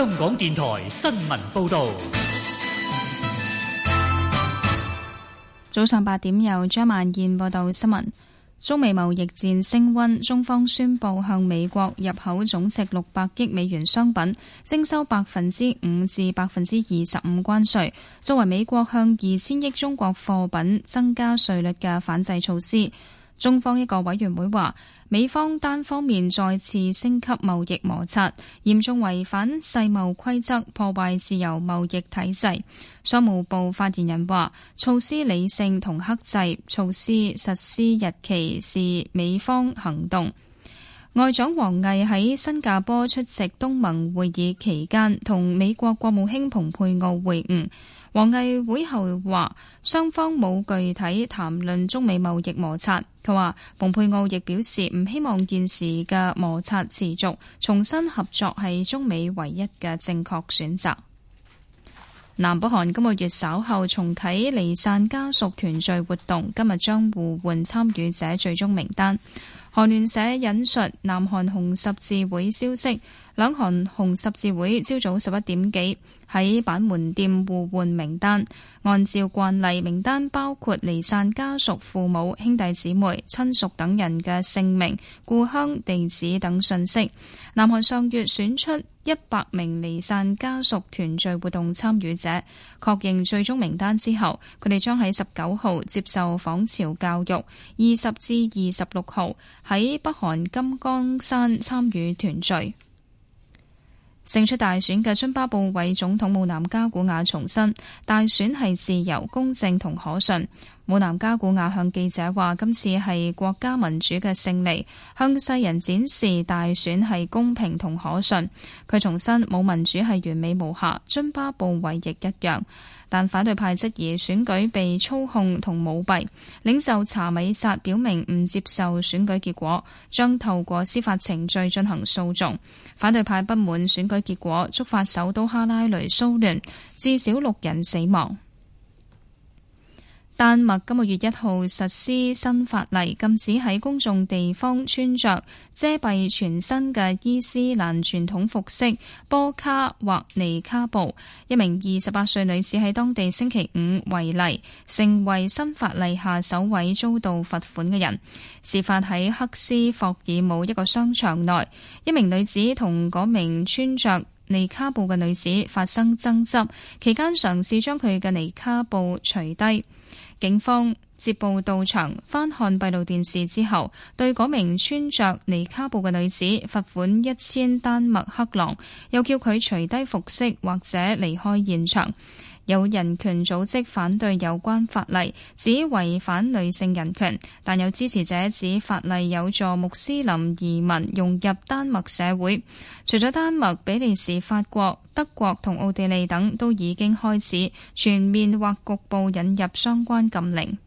香港電台新聞報道，早上八點由張萬燕報道新聞。中美貿易戰升温，中方宣布向美國入口總值六百億美元商品徵收百分之五至百分之二十五關稅，作為美國向二千億中國貨品增加稅率嘅反制措施。中方一個委員會話，美方單方面再次升級貿易摩擦，嚴重違反世貿規則，破壞自由貿易體制。商務部發言人話，措施理性同克制，措施實施日期視美方行動。外長王毅喺新加坡出席東盟會議期間，同美國國務卿蓬佩奧會晤。王毅會後話，雙方冇具體談論中美貿易摩擦。佢話，蓬佩奧亦表示唔希望現時嘅摩擦持續，重新合作係中美唯一嘅正確選擇。南北韓今個月稍後重啟離散家屬團聚活動，今日將互換參與者最終名單。韓聯社引述南韓紅十字會消息，兩韓紅十字會朝早十一點幾。喺板門店互換名單，按照慣例，名單包括離散家屬、父母、兄弟姊妹、親屬等人嘅姓名、故鄉、地址等信息。南韓上月選出一百名離散家屬團聚活動參與者，確認最終名單之後，佢哋將喺十九號接受訪朝教育，二十至二十六號喺北韓金剛山參與團聚。勝出大選嘅津巴布韋總統姆南加古亞重申，大選係自由、公正同可信。姆南加古亞向記者話：今次係國家民主嘅勝利，向世人展示大選係公平同可信。佢重申，冇民主係完美無瑕，津巴布韋亦一樣。但反對派質疑選舉被操控同舞弊。領袖查米薩表明唔接受選舉結果，將透過司法程序進行訴訟。反對派不滿選舉結果，觸發首都哈拉雷騷亂，至少六人死亡。丹麥今個月一號實施新法例，禁止喺公眾地方穿着遮蔽全身嘅伊斯蘭傳統服飾波卡或尼卡布。一名二十八歲女子喺當地星期五違例，成為新法例下首位遭到罰款嘅人。事發喺克斯霍爾姆一個商場內，一名女子同嗰名穿着尼卡布嘅女子發生爭執，期間嘗試將佢嘅尼卡布除低。警方接報到場，翻看閉路電視之後，對嗰名穿着尼卡布嘅女子罰款一千丹麥克朗，又叫佢除低服飾或者離開現場。有人權組織反對有關法例，指違反女性人權；但有支持者指法例有助穆斯林移民融入丹麥社會。除咗丹麥，比利時、法國、德國同奧地利等都已經開始全面或局部引入相關禁令。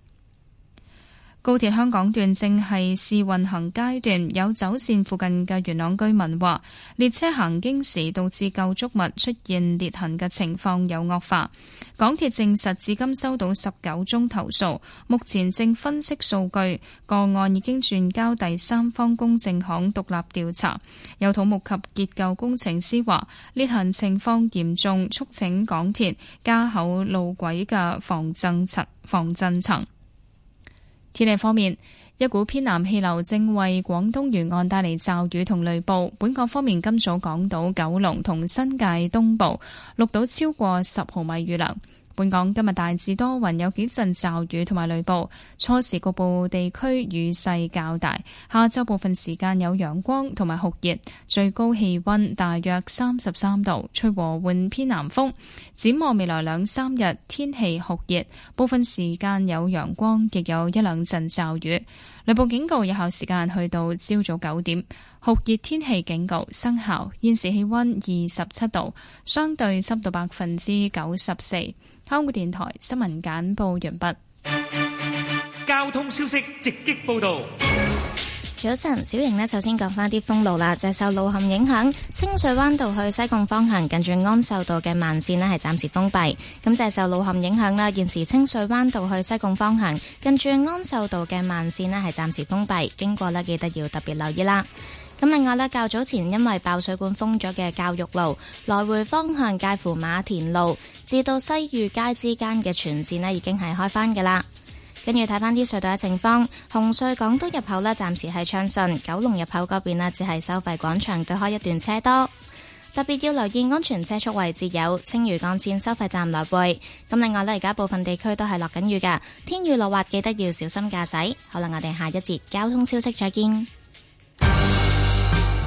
高鐵香港段正係試運行階段，有走綫附近嘅元朗居民話，列車行經時導致舊築物出現裂痕嘅情況有惡化。港鐵證實至今收到十九宗投訴，目前正分析數據，個案已經轉交第三方公證行獨立調查。有土木及結構工程師話，裂痕情況嚴重，促請港鐵加厚路軌嘅防震層防震層。天氣方面，一股偏南氣流正為廣東沿岸帶嚟驟雨同雷暴。本港方面今早，港島、九龍同新界東部錄到超過十毫米雨量。本港今日大致多雲，有幾陣驟雨同埋雷暴，初時局部地區雨勢較大。下晝部分時間有陽光同埋酷熱，最高氣溫大約三十三度，吹和緩偏南風。展望未來兩三日天氣酷熱，部分時間有陽光，亦有一兩陣驟雨。雷暴警告有效時間去到朝早九點，酷熱天氣警告生效。現時氣溫二十七度，相對濕度百分之九十四。香港電台新聞簡報完畢。交通消息直擊報道。早晨，小瑩呢，首先講翻啲封路啦。就係受路陷影響，清水灣道去西貢方向近住安秀道嘅慢綫呢係暫時封閉。咁就係受路陷影響啦。現時清水灣道去西貢方向近住安秀道嘅慢綫呢係暫時封閉，經過呢，記得要特別留意啦。咁另外呢，較早前因為爆水管封咗嘅教育路來回方向，介乎馬田路至到西裕街之間嘅全線已經係開返㗎啦。跟住睇翻啲隧道嘅情況，紅隧港島入口呢，暫時係暢順，九龍入口嗰邊只係收費廣場對開一段車多。特別要留意安全車速位置有青嶼幹線收費站來回。咁另外呢，而家部分地區都係落緊雨㗎，天雨路滑，記得要小心駕駛。好啦，我哋下一節交通消息再見。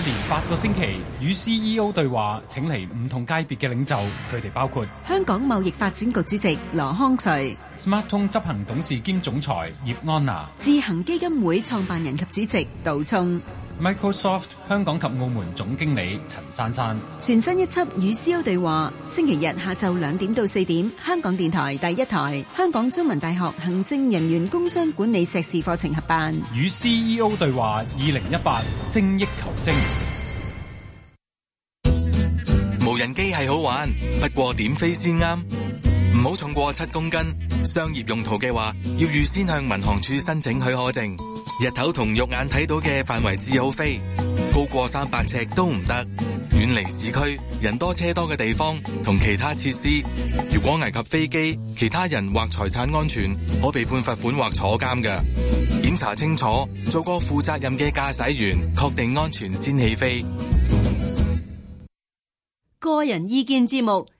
一年八個星期與 CEO 對話，請嚟唔同界別嘅領袖，佢哋包括香港貿易發展局主席羅康瑞、SmarTone 執行董事兼總裁葉安娜、智行基金會創辦人及主席杜聰。Microsoft 香港及澳門總經理陳珊珊，全新一輯與 CEO 對話，星期日下晝兩點到四點，香港電台第一台，香港中文大學行政人員工商管理碩士課程合辦，與 CEO 對話二零一八，2018，精益求精。無人機係好玩，不過點飛先啱。唔好重過七公斤，商業用途嘅話，要預先向民航處申請許可證。日頭同肉眼睇到嘅範圍只好飛，高過三百尺都唔得。遠離市區、人多車多嘅地方同其他設施。如果危及飛機、其他人或財產安全，可被判罰款或坐監嘅。檢查清楚，做個負責任嘅駕駛員，確定安全先起飛。個人意見節目。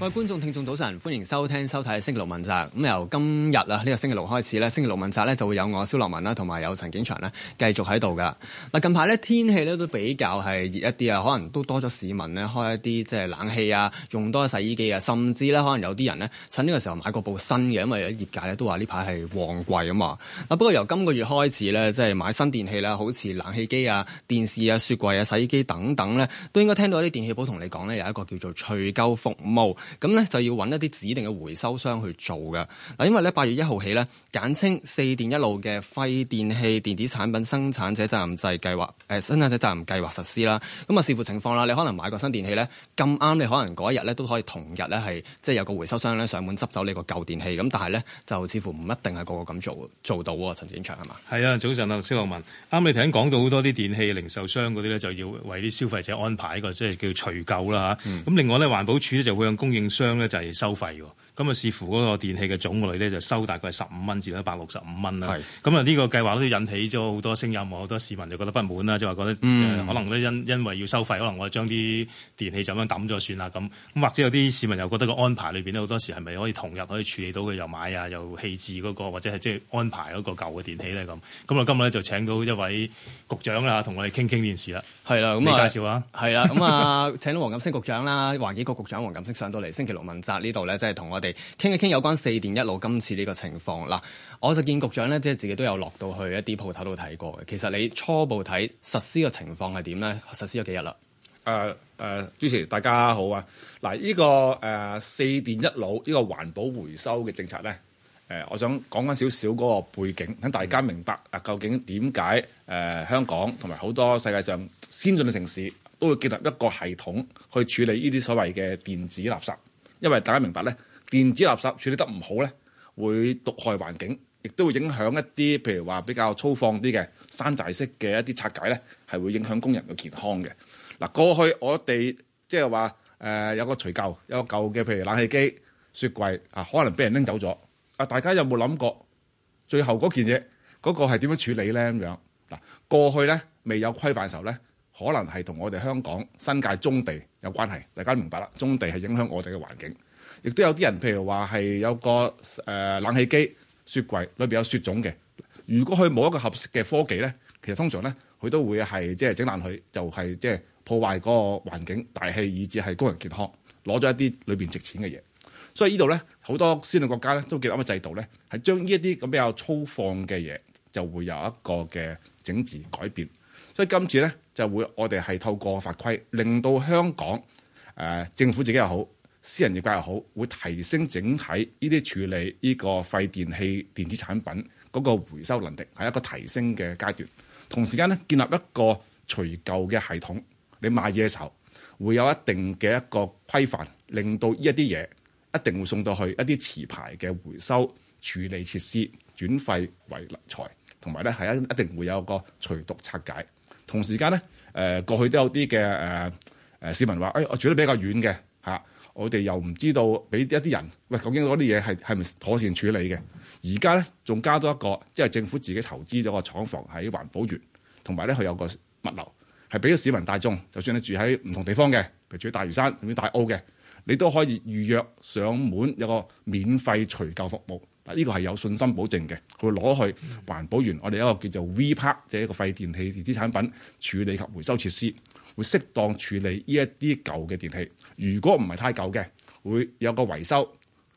各位觀眾、聽眾早晨，歡迎收聽、收睇《星期六問責》嗯。咁由今日啊，呢、這個星期六開始咧，《星期六問責》咧就會有我蕭樂文啦，同埋有陳景祥咧，繼續喺度噶。嗱近排咧天氣咧都比較係熱一啲啊，可能都多咗市民咧開一啲即係冷氣啊，用多洗衣機啊，甚至咧可能有啲人咧趁呢個時候買過部新嘅，因為有業界咧都話呢排係旺季啊嘛。嗱不過由今個月開始咧，即、就、係、是、買新電器啦，好似冷氣機啊、電視啊、雪櫃啊、洗衣機等等咧，都應該聽到啲電器鋪同你講咧有一個叫做除舊服務。咁咧就要揾一啲指定嘅回收商去做嘅嗱，因為咧八月一號起咧，簡稱四電一腦嘅廢電器電子產品生產者責任制計劃，呃、生產者責任計劃實施啦。咁啊視乎情況啦，你可能買個新電器咧，咁啱你可能嗰一日咧都可以同日咧係即係有個回收商咧上門執走你個舊電器。咁但係咧就似乎唔一定係個個咁做做到喎。陳展祥係嘛？係啊，早上啊肖學文，啱你頭先講到好多啲電器零售商嗰啲咧就要為啲消費者安排一個即係叫除舊啦嚇。咁、嗯、另外咧，環保署咧就會向供應供應商咧就係收費。咁啊，視乎嗰個電器嘅種類咧，就收大概係十五蚊至一百六十五蚊啦。咁啊，呢是個計劃都引起咗好多聲音喎，好多市民就覺得不滿啦，就話覺得、嗯呃、可能咧因因為要收費，可能我將啲電器就咁樣抌咗算啦咁。咁或者有啲市民又覺得個安排裏面呢，好多時係咪可以同日可以處理到嘅，又買啊，又棄置嗰、那個，或者係即係安排嗰個舊嘅電器咧咁。咁啊，今日咧就請到一位局長啦同我哋傾傾電視啦。係啦，咁啊，你介紹下，係啦，咁啊， 請到黃錦星局長啦，環境局，局局長黃錦星上到嚟星期六問責呢度咧，即係同我哋。傾一傾有關四電一腦今次呢個情況嗱，我就見局長咧，即係自己都有落到去一啲鋪頭度睇過嘅。其實你初步睇實施嘅情況係點咧？實施咗幾日啦？誒誒、呃呃，主持大家好啊！嗱、這個，呢個誒四電一腦呢、這個環保回收嘅政策咧，誒、呃，我想講翻少少嗰個背景，等大家明白啊。究竟點解誒香港同埋好多世界上先進嘅城市都會建立一個系統去處理呢啲所謂嘅電子垃圾？因為大家明白咧。電子垃圾處理得唔好呢，會毒害環境，亦都會影響一啲譬如話比較粗放啲嘅山寨式嘅一啲拆解呢，係會影響工人嘅健康嘅。嗱，過去我哋即係話、呃、有個除舊有個舊嘅，譬如冷氣機、雪櫃啊，可能俾人拎走咗。啊，大家有冇諗過最後嗰件嘢嗰個係點樣處理呢？咁樣嗱，過去呢，未有規範嘅時候呢，可能係同我哋香港新界中地有關係。大家明白啦，中地係影響我哋嘅環境。亦都有啲人，譬如話係有個誒、呃、冷氣機、雪櫃裏邊有雪種嘅。如果佢冇一個合適嘅科技咧，其實通常咧佢都會係即係整爛佢，就係即係破壞嗰個環境、大氣，以至係工人健康攞咗一啲裏邊值錢嘅嘢。所以呢度咧，好多先進國家咧都建立啲制度咧，係將呢一啲咁比較粗放嘅嘢，就會有一個嘅整治改變。所以今次咧就會我哋係透過法規，令到香港誒、呃、政府自己又好。私人業界又好，會提升整體呢啲處理呢個廢電器電子產品嗰個回收能力，係一個提升嘅階段。同時間咧，建立一個除舊嘅系統。你買嘢嘅時候會有一定嘅一個規範，令到呢一啲嘢一定會送到去一啲持牌嘅回收處理設施，轉廢為利財。同埋咧，係一一定會有一個除毒拆解。同時間咧，誒過去都有啲嘅誒誒市民話，誒、哎、我住得比較遠嘅嚇。我哋又唔知道俾一啲人，喂究竟嗰啲嘢係係咪妥善處理嘅。而家咧仲加多一個，即係政府自己投資咗個廠房喺環保園，同埋咧佢有，呢有個物流，係俾咗市民大眾，就算你住喺唔同地方嘅，譬如住喺大嶼山、住大澳嘅，你都可以預約上門有一個免費除舊服務。呢個係有信心保證嘅，佢攞去環保園，我哋一個叫做 V Park，即係一個廢電器電子產品處理及回收設施，會適當處理呢一啲舊嘅電器。如果唔係太舊嘅，會有個維修，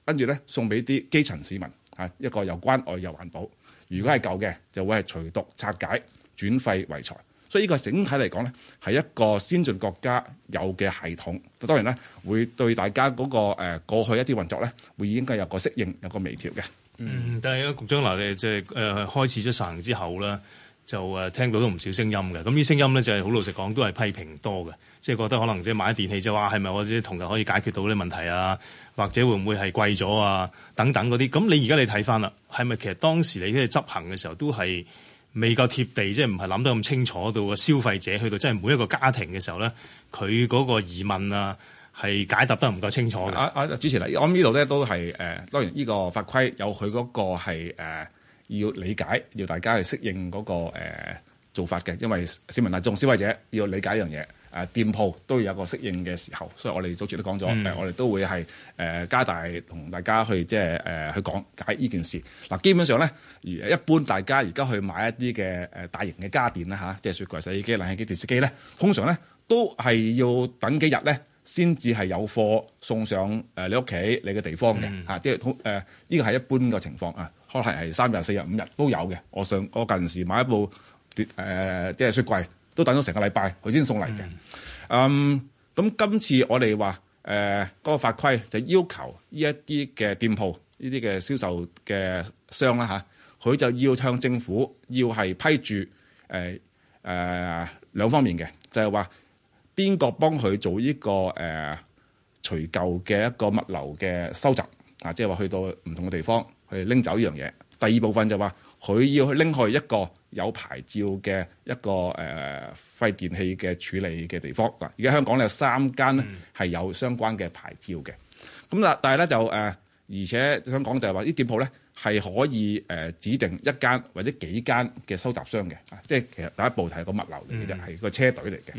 跟住咧送俾啲基層市民，係一個又關愛又環保。如果係舊嘅，就會係除毒拆解，轉廢為財。所以呢個整體嚟講咧，係一個先進國家有嘅系統。當然咧，會對大家嗰個誒過去一啲運作咧，會應該有個適應，有個微調嘅。嗯，嗯，但係啊，局長嗱，即係誒開始咗實行之後咧，就誒、呃、聽到都唔少聲音嘅。咁啲聲音咧就係、是、好老實講，都係批評多嘅，即、就、係、是、覺得可能即係買電器就話係咪或者同日可以解決到啲問題啊？或者會唔會係貴咗啊？等等嗰啲。咁你而家你睇翻啦，係咪其實當時你喺度執行嘅時候都係未夠貼地，即係唔係諗得咁清楚到個消費者去到真係每一個家庭嘅時候咧，佢嗰個疑問啊？係解答得唔夠清楚啊！啊，主持嚟，我喺呢度咧都係誒、呃，當然呢個法規有佢嗰個係、呃、要理解，要大家去適應嗰、個、呃、做法嘅，因為市民大眾、消費者要理解一樣嘢，店鋪都要有個適應嘅時候，所以我哋早前都講咗，嗯、我哋都會係誒、呃、加大同大家去即係誒去講解呢件事。嗱，基本上咧，一般大家而家去買一啲嘅大型嘅家電啦、啊、即係雪櫃、洗衣機、冷氣機、電視機咧，通常咧都係要等幾日咧。先至係有貨送上誒你屋企你嘅地方嘅嚇，即係通誒呢個係一般嘅情況啊，可能係三日四日五日都有嘅。我上我近時買一部誒即係雪櫃，都等咗成個禮拜佢先送嚟嘅。嗯，咁、嗯、今次我哋話誒嗰個法規就要求呢一啲嘅店鋪呢啲嘅銷售嘅商啦嚇，佢、啊、就要向政府要係批准誒誒兩方面嘅，就係、是、話。邊個幫佢做呢個誒除舊嘅一個物流嘅收集啊？即係話去到唔同嘅地方去拎走呢樣嘢。第二部分就話佢要去拎去一個有牌照嘅一個誒、呃、廢電器嘅處理嘅地方。嗱、啊，而家香港咧有三間咧係有相關嘅牌照嘅。咁啦、嗯，但係咧就誒、呃，而且香港就係話啲店舖咧。係可以誒指定一間或者幾間嘅收集商嘅，啊，即係其實第一步係個物流嚟嘅，係、嗯、個車隊嚟嘅。咁、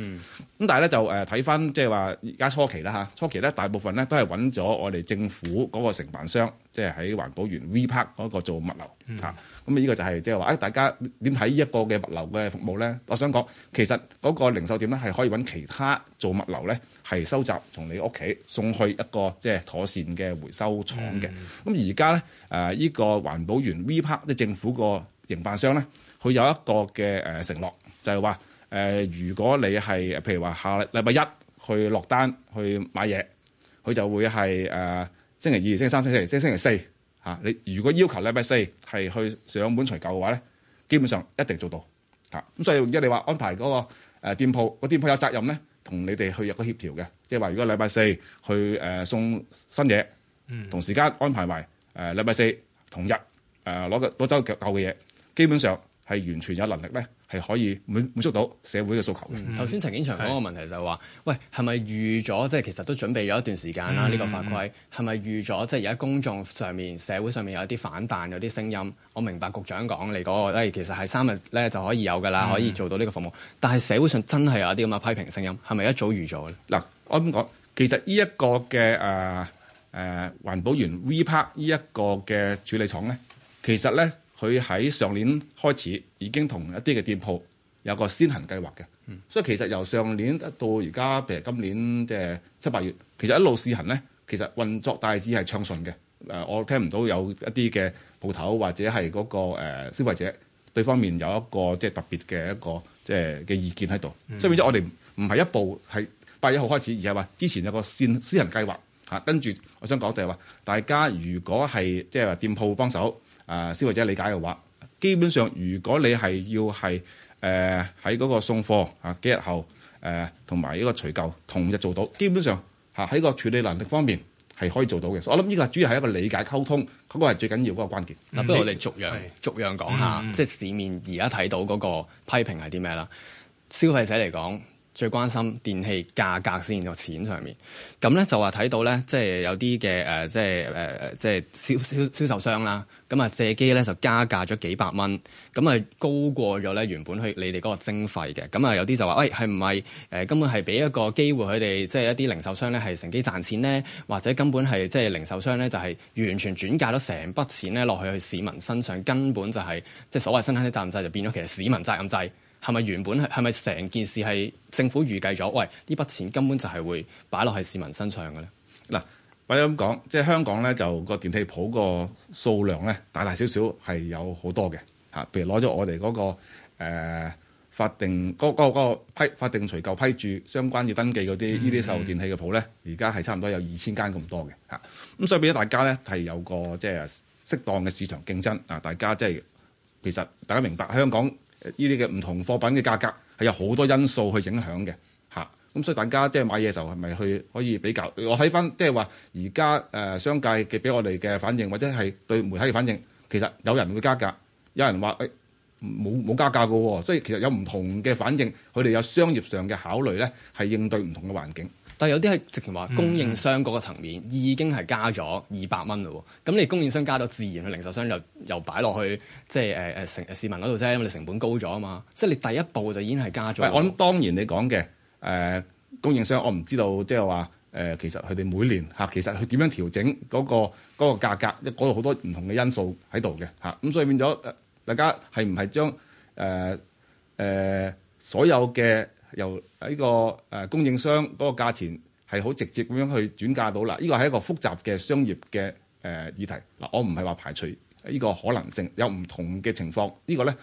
嗯、但係咧就誒睇翻即係話而家初期啦嚇，初期咧大部分咧都係揾咗我哋政府嗰個承辦商。即係喺環保園 V Park 嗰個做物流嚇，咁呢呢個就係即係話，誒大家點睇呢一個嘅物流嘅服務咧？我想講，其實嗰個零售店咧係可以揾其他做物流咧，係收集從你屋企送去一個即係妥善嘅回收廠嘅。咁而家咧誒呢個環保園 V Park 即係政府個營辦商咧，佢有一個嘅誒、呃、承諾，就係話誒如果你係譬如話下禮拜一去落單去買嘢，佢就會係誒。呃星期二、星期三、星期四、星期四嚇，你如果要求禮拜四係去上門除舊嘅話咧，基本上一定做到嚇。咁所以而家你話安排嗰個店鋪，個店鋪有責任咧，同你哋去入個協調嘅，即係話如果禮拜四去誒送新嘢，嗯、同時間安排埋誒禮拜四同日誒攞個攞走舊嘅嘢，基本上係完全有能力咧。係可以滿滿足到社會嘅訴求嘅。頭先陳景祥講嘅問題就係、是、話：是喂，係咪預咗？即係其實都準備咗一段時間啦。呢、嗯、個法規係咪預咗？即係而家公眾上面、社會上面有一啲反彈、有啲聲音。我明白局長講你嗰、那個、哎、其實係三日咧就可以有㗎喇，嗯、可以做到呢個服務。但係社會上真係有啲咁嘅批評聲音，係咪一早預咗咧？嗱，我咁講、呃呃，其實呢一個嘅誒誒環保園 WEEE PARK 呢一個嘅處理廠咧，其實咧。佢喺上年開始已經同一啲嘅店鋪有個先行計劃嘅，嗯、所以其實由上年到而家，譬如今年即係七八月，其實一路試行咧，其實運作大致係暢順嘅。誒，我聽唔到有一啲嘅鋪頭或者係嗰、嗰個消費、呃、者對方面有一個即係特別嘅一個即係嘅意見喺度。嗯、所以變咗我哋唔係一步係八月一號開始，而係話之前有個先先行計劃嚇、啊。跟住我想講就係話，大家如果係即係話店鋪幫手。啊！消費者理解嘅話，基本上如果你係要係誒喺嗰個送貨啊，幾日後誒同埋呢個除舊同日做到，基本上嚇喺個處理能力方面係可以做到嘅。我諗呢個係主要係一個理解溝通，嗰、嗰個係最緊要嗰個關鍵。嗯、不如我哋逐樣逐是樣講下，嗯、即係市面而家睇到嗰個批評係啲咩啦？消費者嚟講。最關心電器價格先至到錢上面，咁咧就話睇到咧，即係有啲嘅、呃、即係、呃、即係銷銷銷售商啦，咁啊借機咧就加價咗幾百蚊，咁啊高過咗咧原本去你哋嗰個徵費嘅，咁啊有啲就話，喂，係唔係誒根本係俾一個機會佢哋，即係一啲零售商咧係乘機賺錢咧，或者根本係即係零售商咧就係完全轉嫁咗成筆錢咧落去去市民身上，根本就係、是、即係所謂生產者責任制就變咗其實市民責任制。係咪原本係係咪成件事係政府預計咗？喂，呢筆錢根本就係會擺落喺市民身上嘅咧。嗱，或者咁講，即係香港咧就個電器鋪個數量咧，大大小小係有好多嘅嚇。譬如攞咗我哋嗰、嗰個、呃、法定嗰、嗰個、嗰個嗰個、批法定除舊批注相關要登記嗰啲呢啲售電器嘅鋪咧，而家係差唔多有二千間咁多嘅嚇。咁、啊、所以俾咗大家咧係有個即係適當嘅市場競爭啊！大家即係其實大家明白香港，呢啲嘅唔同貨品嘅價格係有好多因素去影響嘅，吓，咁所以大家即係買嘢時候係咪去可以比較？我睇翻即係話而家誒商界嘅俾我哋嘅反應，或者係對媒體嘅反應，其實有人會加價，有人話誒冇冇加價嘅喎，所以其實有唔同嘅反應，佢哋有商業上嘅考慮咧，係應對唔同嘅環境。但係有啲係直情話供應商嗰個層面已經係加咗二百蚊咯喎，咁、嗯、你供應商加咗，自然佢零售商就又擺落去即係誒誒成市民嗰度啫，因為你成本高咗啊嘛，即係你第一步就已經係加咗。我諗當然你講嘅誒供應商，我唔知道即係話誒其實佢哋每年嚇、啊、其實佢點樣調整嗰個嗰個價格，嗰度好多唔同嘅因素喺度嘅嚇，咁、啊、所以變咗大家係唔係將誒誒所有嘅？由呢個誒供應商嗰個價錢係好直接咁樣去轉嫁到啦，呢個係一個複雜嘅商業嘅誒議題。嗱，我唔係話排除呢個可能性，有唔同嘅情況。呢、呢個咧，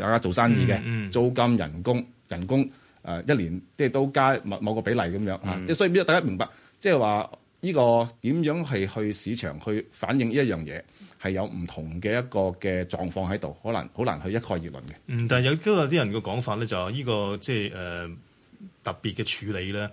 大家做生意嘅租金、嗯、人工、嗯、人工誒一年即係都加某個比例咁樣啊。即係、嗯、所以，呢個大家明白即係話呢個點樣係去市場去反映呢一樣嘢。係有唔同嘅一個嘅狀況喺度，可能好難去一概而論嘅。嗯，但係有都有啲人嘅講法咧、呢個，就係依個即係誒特別嘅處理咧。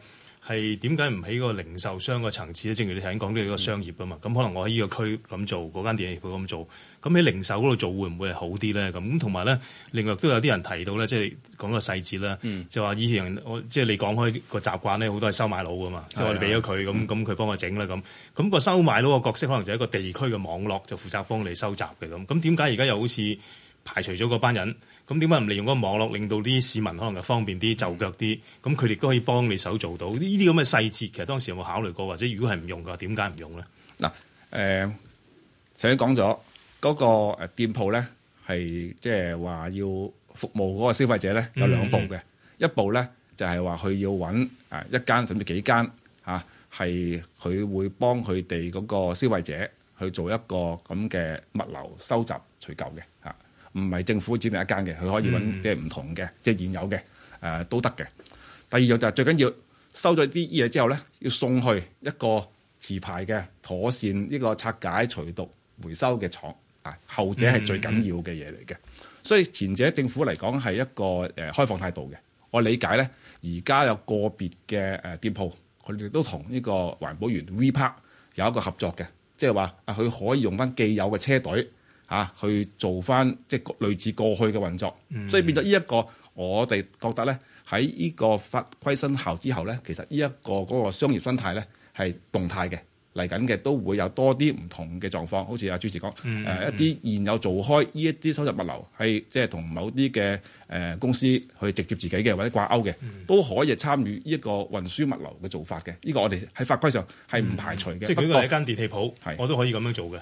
係點解唔喺個零售商個層次咧？正如你頭先講嘅呢個商業啊嘛，咁可能我喺呢個區咁做，嗰間電影業亦會咁做。咁喺零售嗰度做會唔會係好啲咧？咁同埋咧，另外都有啲人提到咧，即係講個細節啦，就話以前我即係你講開個習慣咧，好多係收買佬噶嘛，即係、嗯、我哋俾咗佢，咁咁佢幫我整啦咁。咁、嗰個收買佬個角色可能就係一個地區嘅網絡，就負責幫你收集嘅咁。咁點解而家又好似排除咗嗰班人？咁點解唔利用嗰個網絡，令到啲市民可能就方便啲、就腳啲？咁佢哋都可以幫你手做到呢啲咁嘅細節。其實當時有冇考慮過，或者如果係唔用嘅，點解唔用咧？嗱、呃，誒，頭先講咗嗰個店鋪咧，係即係話要服務嗰個消費者咧，有兩步嘅、嗯嗯嗯就是。一步咧就係話佢要揾啊一間甚至幾間係佢、啊、會幫佢哋嗰個消費者去做一個咁嘅物流收集取舊嘅。唔係政府指定一間嘅，佢可以揾啲係唔同嘅，嗯、即係現有嘅，誒、呃、都得嘅。第二樣就係、是、最緊要收咗啲嘢之後咧，要送去一個持牌嘅妥善呢個拆解、除毒、回收嘅廠。啊，後者係最緊要嘅嘢嚟嘅。嗯嗯、所以前者政府嚟講係一個誒、呃、開放態度嘅。我理解咧，而家有個別嘅誒、呃、店鋪，佢哋都同呢個環保園 WEEE·PARK 有一個合作嘅，即係話啊，佢可以用翻既有嘅車隊。嚇、啊、去做翻即係類似過去嘅運作，嗯、所以變咗呢一個，我哋覺得咧喺呢個法規生效之後咧，其實呢一個嗰個商業生態咧係動態嘅嚟緊嘅，都會有多啲唔同嘅狀況。好似阿主持講誒、嗯嗯呃、一啲現有做開呢一啲收集物流係即係同某啲嘅誒公司去直接自己嘅或者掛鈎嘅，嗯、都可以參與呢個運輸物流嘅做法嘅。呢個我哋喺法規上係唔排除嘅。嗯、過即係如果我係一間電器鋪，是我都可以咁樣做嘅。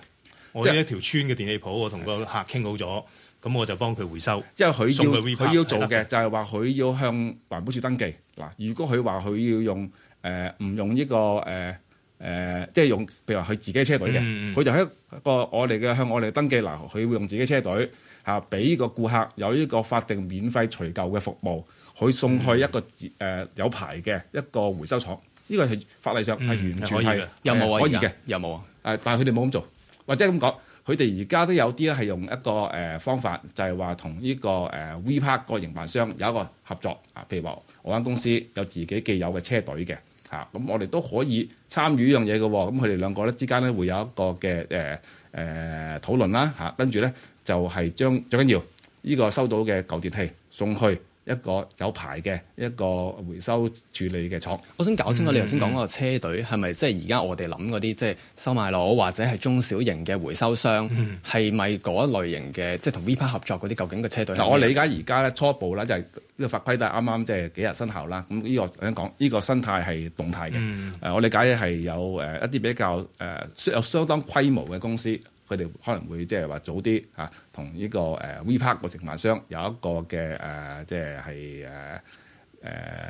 即呢一條村嘅電器鋪，是我同個客傾好咗，咁我就幫佢回收。即係佢要佢要做嘅，就係話佢要向環保署登記嗱。如果佢話佢要用誒唔、呃、用呢、呢個誒誒、呃，即係用譬如話佢自己車隊嘅，佢、嗯嗯、就喺一個我哋嘅向我哋登記嗱，佢會用自己車隊嚇俾、啊、個顧客有呢個法定免費除舊嘅服務，佢送去一個誒、嗯呃、有牌嘅一個回收廠，呢、呢個係法例上係完全係、嗯呃、有冇啊？可以嘅有冇啊？誒，但係佢哋冇咁做。或者咁講，佢哋而家都有啲咧係用一個方法，就係話同呢個 V Park 個營辦商有一個合作啊。譬如話，我間公司有自己既有嘅車隊嘅嚇，咁我哋都可以參與呢樣嘢嘅喎。咁佢哋兩個咧之間咧會有一個嘅誒誒討論啦嚇，跟住咧就係將最緊要呢、呢個收到嘅舊電器送去。一個有牌嘅一個回收處理嘅廠，我想搞清楚你頭先講嗰個車隊係咪即係而家我哋諗嗰啲即係收買佬或者係中小型嘅回收商，係咪嗰一類型嘅即係同 VPA 合作嗰啲？究竟嘅車隊？嗱，我理解而家咧初步咧就係呢個法規都係啱啱即係幾日生效啦。咁呢個我想講，呢個生態係動態嘅。誒，我理解係有誒一啲比較誒有相當規模嘅公司。佢哋可能會即係話早啲啊同呢、這個誒、呃、V-Park 個承辦商有一個嘅誒，即係係誒、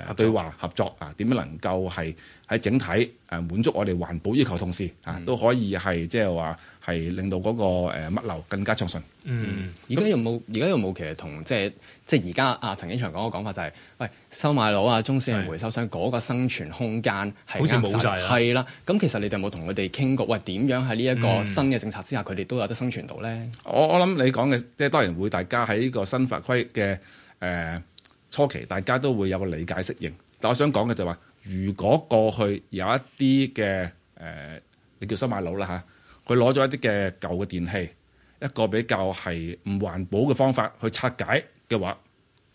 呃、對話合作啊，點樣能夠係喺整體誒滿足我哋環保要求同時啊，嗯、都可以係即係話係令到嗰、那個、呃、物流更加暢順。嗯，而家那有冇而家有冇其實同即係即係而家啊陳景祥講嘅講法就係、是，喂，收買佬啊、中小型回收商嗰對個生存空間係好似冇晒，係啦，咁其實你哋有冇同佢哋傾過？喂，點樣喺呢一個新嘅政策之下，佢哋、嗯、都有得生存到咧？我我諗你講嘅即係當然會，大家喺呢個新法規嘅誒。呃初期大家都會有個理解適應，但我想講嘅就係話，如果過去有一啲嘅誒，你叫收買佬啦嚇，佢攞咗一啲嘅舊嘅電器，一個比較係唔環保嘅方法去拆解嘅話，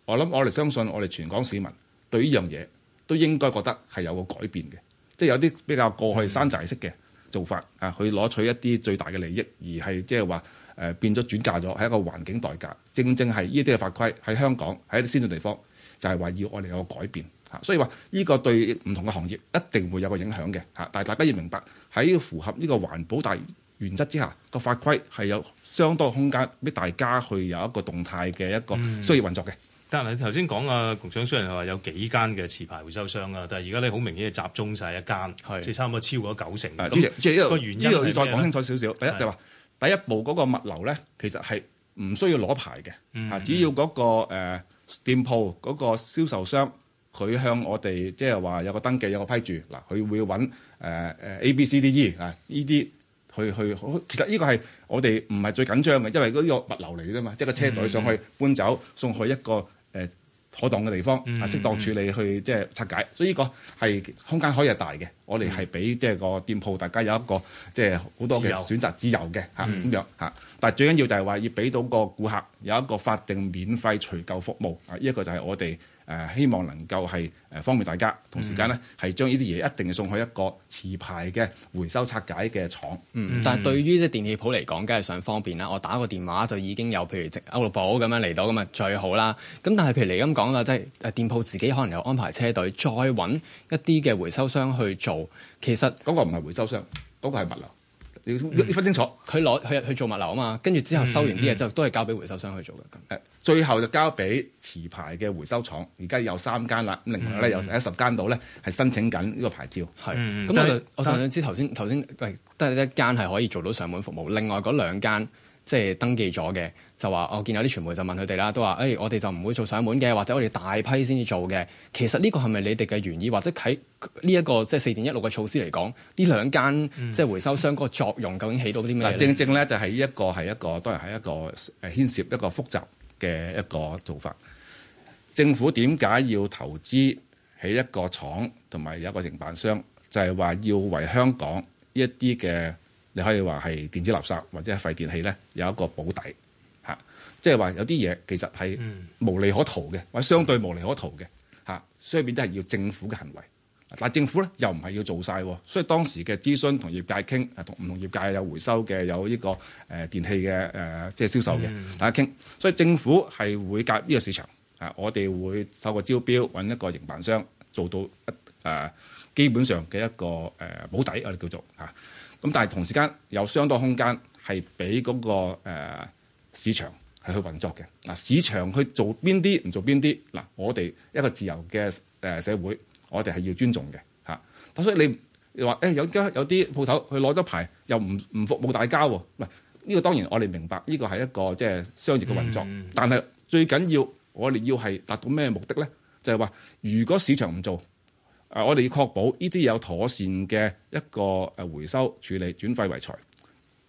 我諗我哋相信我哋全港市民對呢樣嘢都應該覺得係有個改變嘅，即係有啲比較過去山寨式嘅做法啊，去攞取一啲最大嘅利益，而係即係話。誒變咗轉嫁咗，係一個環境代價，正正係呢啲嘅法規喺香港，喺啲先進地方就係、是、話要我哋有個改變。所以話呢個對唔同嘅行業一定會有個影響嘅。但係大家要明白喺符合呢個環保大原則之下，個法規係有相當嘅空間俾大家去有一個動態嘅一個需要運作嘅、嗯。但係頭先講啊，局長雖然係話有幾間嘅持牌回收商啊，但係而家你好明顯係集中晒一間，是即係差唔多超過咗九成咁，主席，即係呢個原因要再講清楚少少，第一就話第一步嗰個物流咧，其實係唔需要攞牌嘅，啊、嗯，只要嗰、那個、呃、店鋪嗰、那個銷售商佢向我哋即係話有個登記有個批注，嗱，佢會揾誒誒 A B C D 啊 E 啊呢啲去去，其實呢個係我哋唔係最緊張嘅，因為嗰個物流嚟嘅啫嘛，即、就、係、是、個車隊上去搬走、嗯、送去一個誒。呃妥當嘅地方啊，適當處理去即係拆解，所以呢個係空間可以係大嘅。我哋係俾即係個店鋪大家有一個即係好多嘅選擇自由嘅嚇，咁樣嚇。但係最緊要就係話要俾到個顧客有一個法定免費除舊服務啊！呢、這、一個就係我哋。呃、希望能夠係、呃、方便大家，同時間咧係將呢啲嘢一定送去一個持牌嘅回收拆解嘅廠。嗯、但係對於啲電器鋪嚟講，梗係想方便啦。我打個電話就已經有，譬如歐綠保咁樣嚟到咁啊，最好啦。咁但係譬如你咁講啦，即係誒店鋪自己可能有安排車隊，再揾一啲嘅回收商去做。其實嗰個唔係回收商，嗰、嗰個係物流。嗯、你你要分清楚，佢攞去做物流啊嘛，跟住之後收完啲嘢之後都係交俾回收商去做嘅。最後就交俾持牌嘅回收廠，而家有三間啦。另外咧，有一十間度咧係申請緊呢個牌照。咁，我就是我想知頭先頭先，得是一間係可以做到上門服務，另外嗰兩間即係、就是、登記咗嘅，就話我見有啲傳媒就問佢哋啦，都話誒、哎，我哋就唔會做上門嘅，或者我哋大批先至做嘅。其實呢個係咪你哋嘅原意，或者喺呢一個即係四電一腦嘅措施嚟講，呢兩間即係、嗯、回收商嗰個作用究竟起到啲咩？正正咧，就係呢一個係一個都係係一個誒牽涉一個複雜。嘅一個做法，政府點解要投資起一個廠同埋有一個承辦商，就係話要為香港一啲嘅，你可以話係電子垃圾或者廢電器咧，有一個保底嚇，即係話有啲嘢其實係無利可圖嘅，或者相對無利可圖嘅嚇，所以變都係要政府嘅行為。但政府咧又唔係要做晒，所以當時嘅諮詢同業界傾，誒同唔同業界有回收嘅，有呢個誒電器嘅誒即係銷售嘅，嗯、大家傾。所以政府係會隔呢個市場，啊，我哋會透過招標揾一個營辦商做到一、誒、呃、基本上嘅一個誒、呃、保底，我哋叫做嚇。咁但係同時間有相當空間係俾嗰個、呃、市場係去運作嘅。嗱，市場去做邊啲唔做邊啲？嗱，我哋一個自由嘅、誒社會。我哋係要尊重嘅，嚇、啊。咁所以你話誒、哎、有啲有啲鋪頭去攞咗牌又唔唔服務大家喎？唔係呢個當然我哋明白呢、這個係一個即係、就是、商業嘅運作。嗯、但係最緊要我哋要係達到咩目的咧？就係、是、話如果市場唔做，誒、啊、我哋要確保呢啲有妥善嘅一個誒回收處理轉廢為財，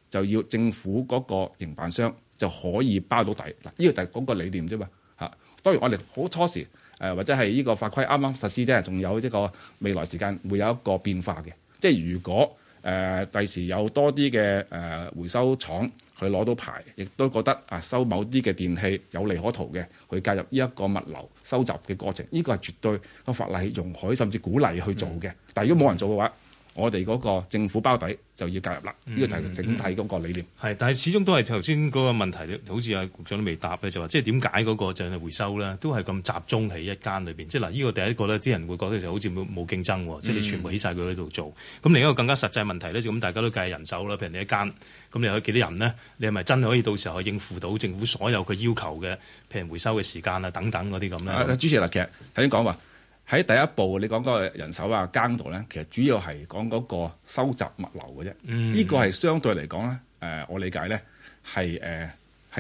就要政府嗰個營辦商就可以包到底。嗱、啊，呢、這個就係講個理念啫嘛。嚇、啊，當然我哋好初時。誒或者係呢個法規啱啱實施啫，仲有呢個未來時間會有一個變化嘅。即係如果誒第時有多啲嘅誒回收廠去攞到牌，亦都覺得啊收某啲嘅電器有利可圖嘅，佢介入呢一個物流收集嘅過程，呢個係絕對個法例容許甚至鼓勵去做嘅。嗯、但係如果冇人做嘅話，我哋嗰個政府包底就要介入啦，呢、嗯、個係整體嗰個理念。係，但係始終都係頭先嗰個問題好似阿、啊、局長都未答咧，就話即係點解嗰個就係回收咧，都係咁集中喺一間裏面。即係嗱，呢、這個第一個咧，啲人會覺得就好似冇冇競爭喎，嗯、即係你全部起晒佢喺度做。咁另一個更加實際問題咧，就咁、是、大家都計人手啦，譬如你一間，咁你有幾多人呢？你係咪真係可以到時候應付到政府所有佢要求嘅，譬如回收嘅時間啊等等嗰啲咁咧？啊，朱 Sir 嗱，其頭先講話。喺第一步，你講嗰個人手啊，間度咧，其實主要係講嗰個收集物流嘅啫。呢個係相對嚟講咧，誒，我理解咧係誒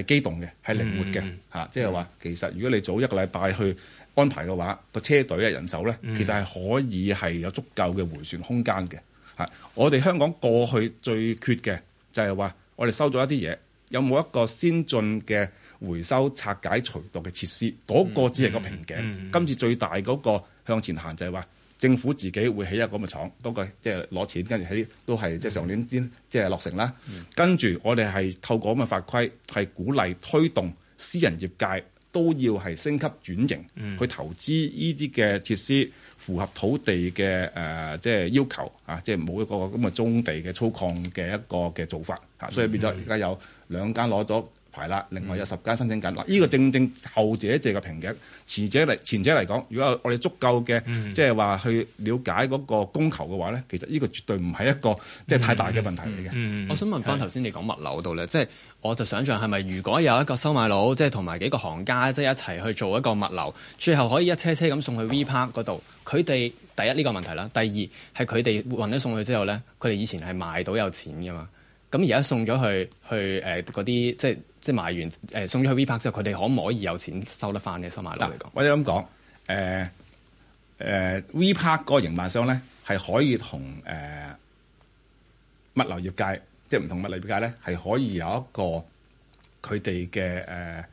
係機動嘅，係靈活嘅嚇。即係話，其實如果你早一個禮拜去安排嘅話，個車隊嘅人手咧，其實係可以係有足夠嘅回旋空間嘅嚇。嗯、我哋香港過去最缺嘅就係話，我哋收咗一啲嘢，有冇一個先進嘅？回收拆解除毒嘅設施，嗰、嗯、個只係個瓶頸。嗯嗯、今次最大嗰個向前行就係話政府自己會起一個咁嘅廠，嗰個即係攞錢跟住起都係即係上年先即係落成啦。嗯、跟住我哋係透過咁嘅法規，係鼓勵推動私人業界都要係升級轉型，嗯、去投資呢啲嘅設施，符合土地嘅誒即係要求啊！即係冇一個咁嘅棕地嘅粗獷嘅一個嘅做法啊！所以變咗而家有兩間攞咗。排啦，另外有十間申請緊。嗱、嗯，呢個正正後者借個瓶頸，前者嚟前者嚟講，如果我哋足夠嘅，嗯、即係話去了解嗰個供求嘅話咧，其實呢個絕對唔係一個、嗯、即係太大嘅問題嚟嘅。嗯嗯、我想問翻頭先你講物流度咧，即係是我就想像係咪如果有一個收買佬，即係同埋幾個行家，即、就、係、是、一齊去做一個物流，最後可以一車車咁送去 V Park 嗰度。佢哋、哦、第一呢、這個問題啦，第二係佢哋運咗送去之後咧，佢哋以前係賣到有錢嘅嘛。咁而家送咗去去誒嗰啲即係。即係賣完誒送咗去 V Park 之後，佢哋可唔可以有錢收得返嘅？收買落嚟講，我有咁講誒誒 V Park 個營辦商咧，係可以同誒、呃、物流業界即係唔同物流業界咧，係可以有一個佢哋嘅誒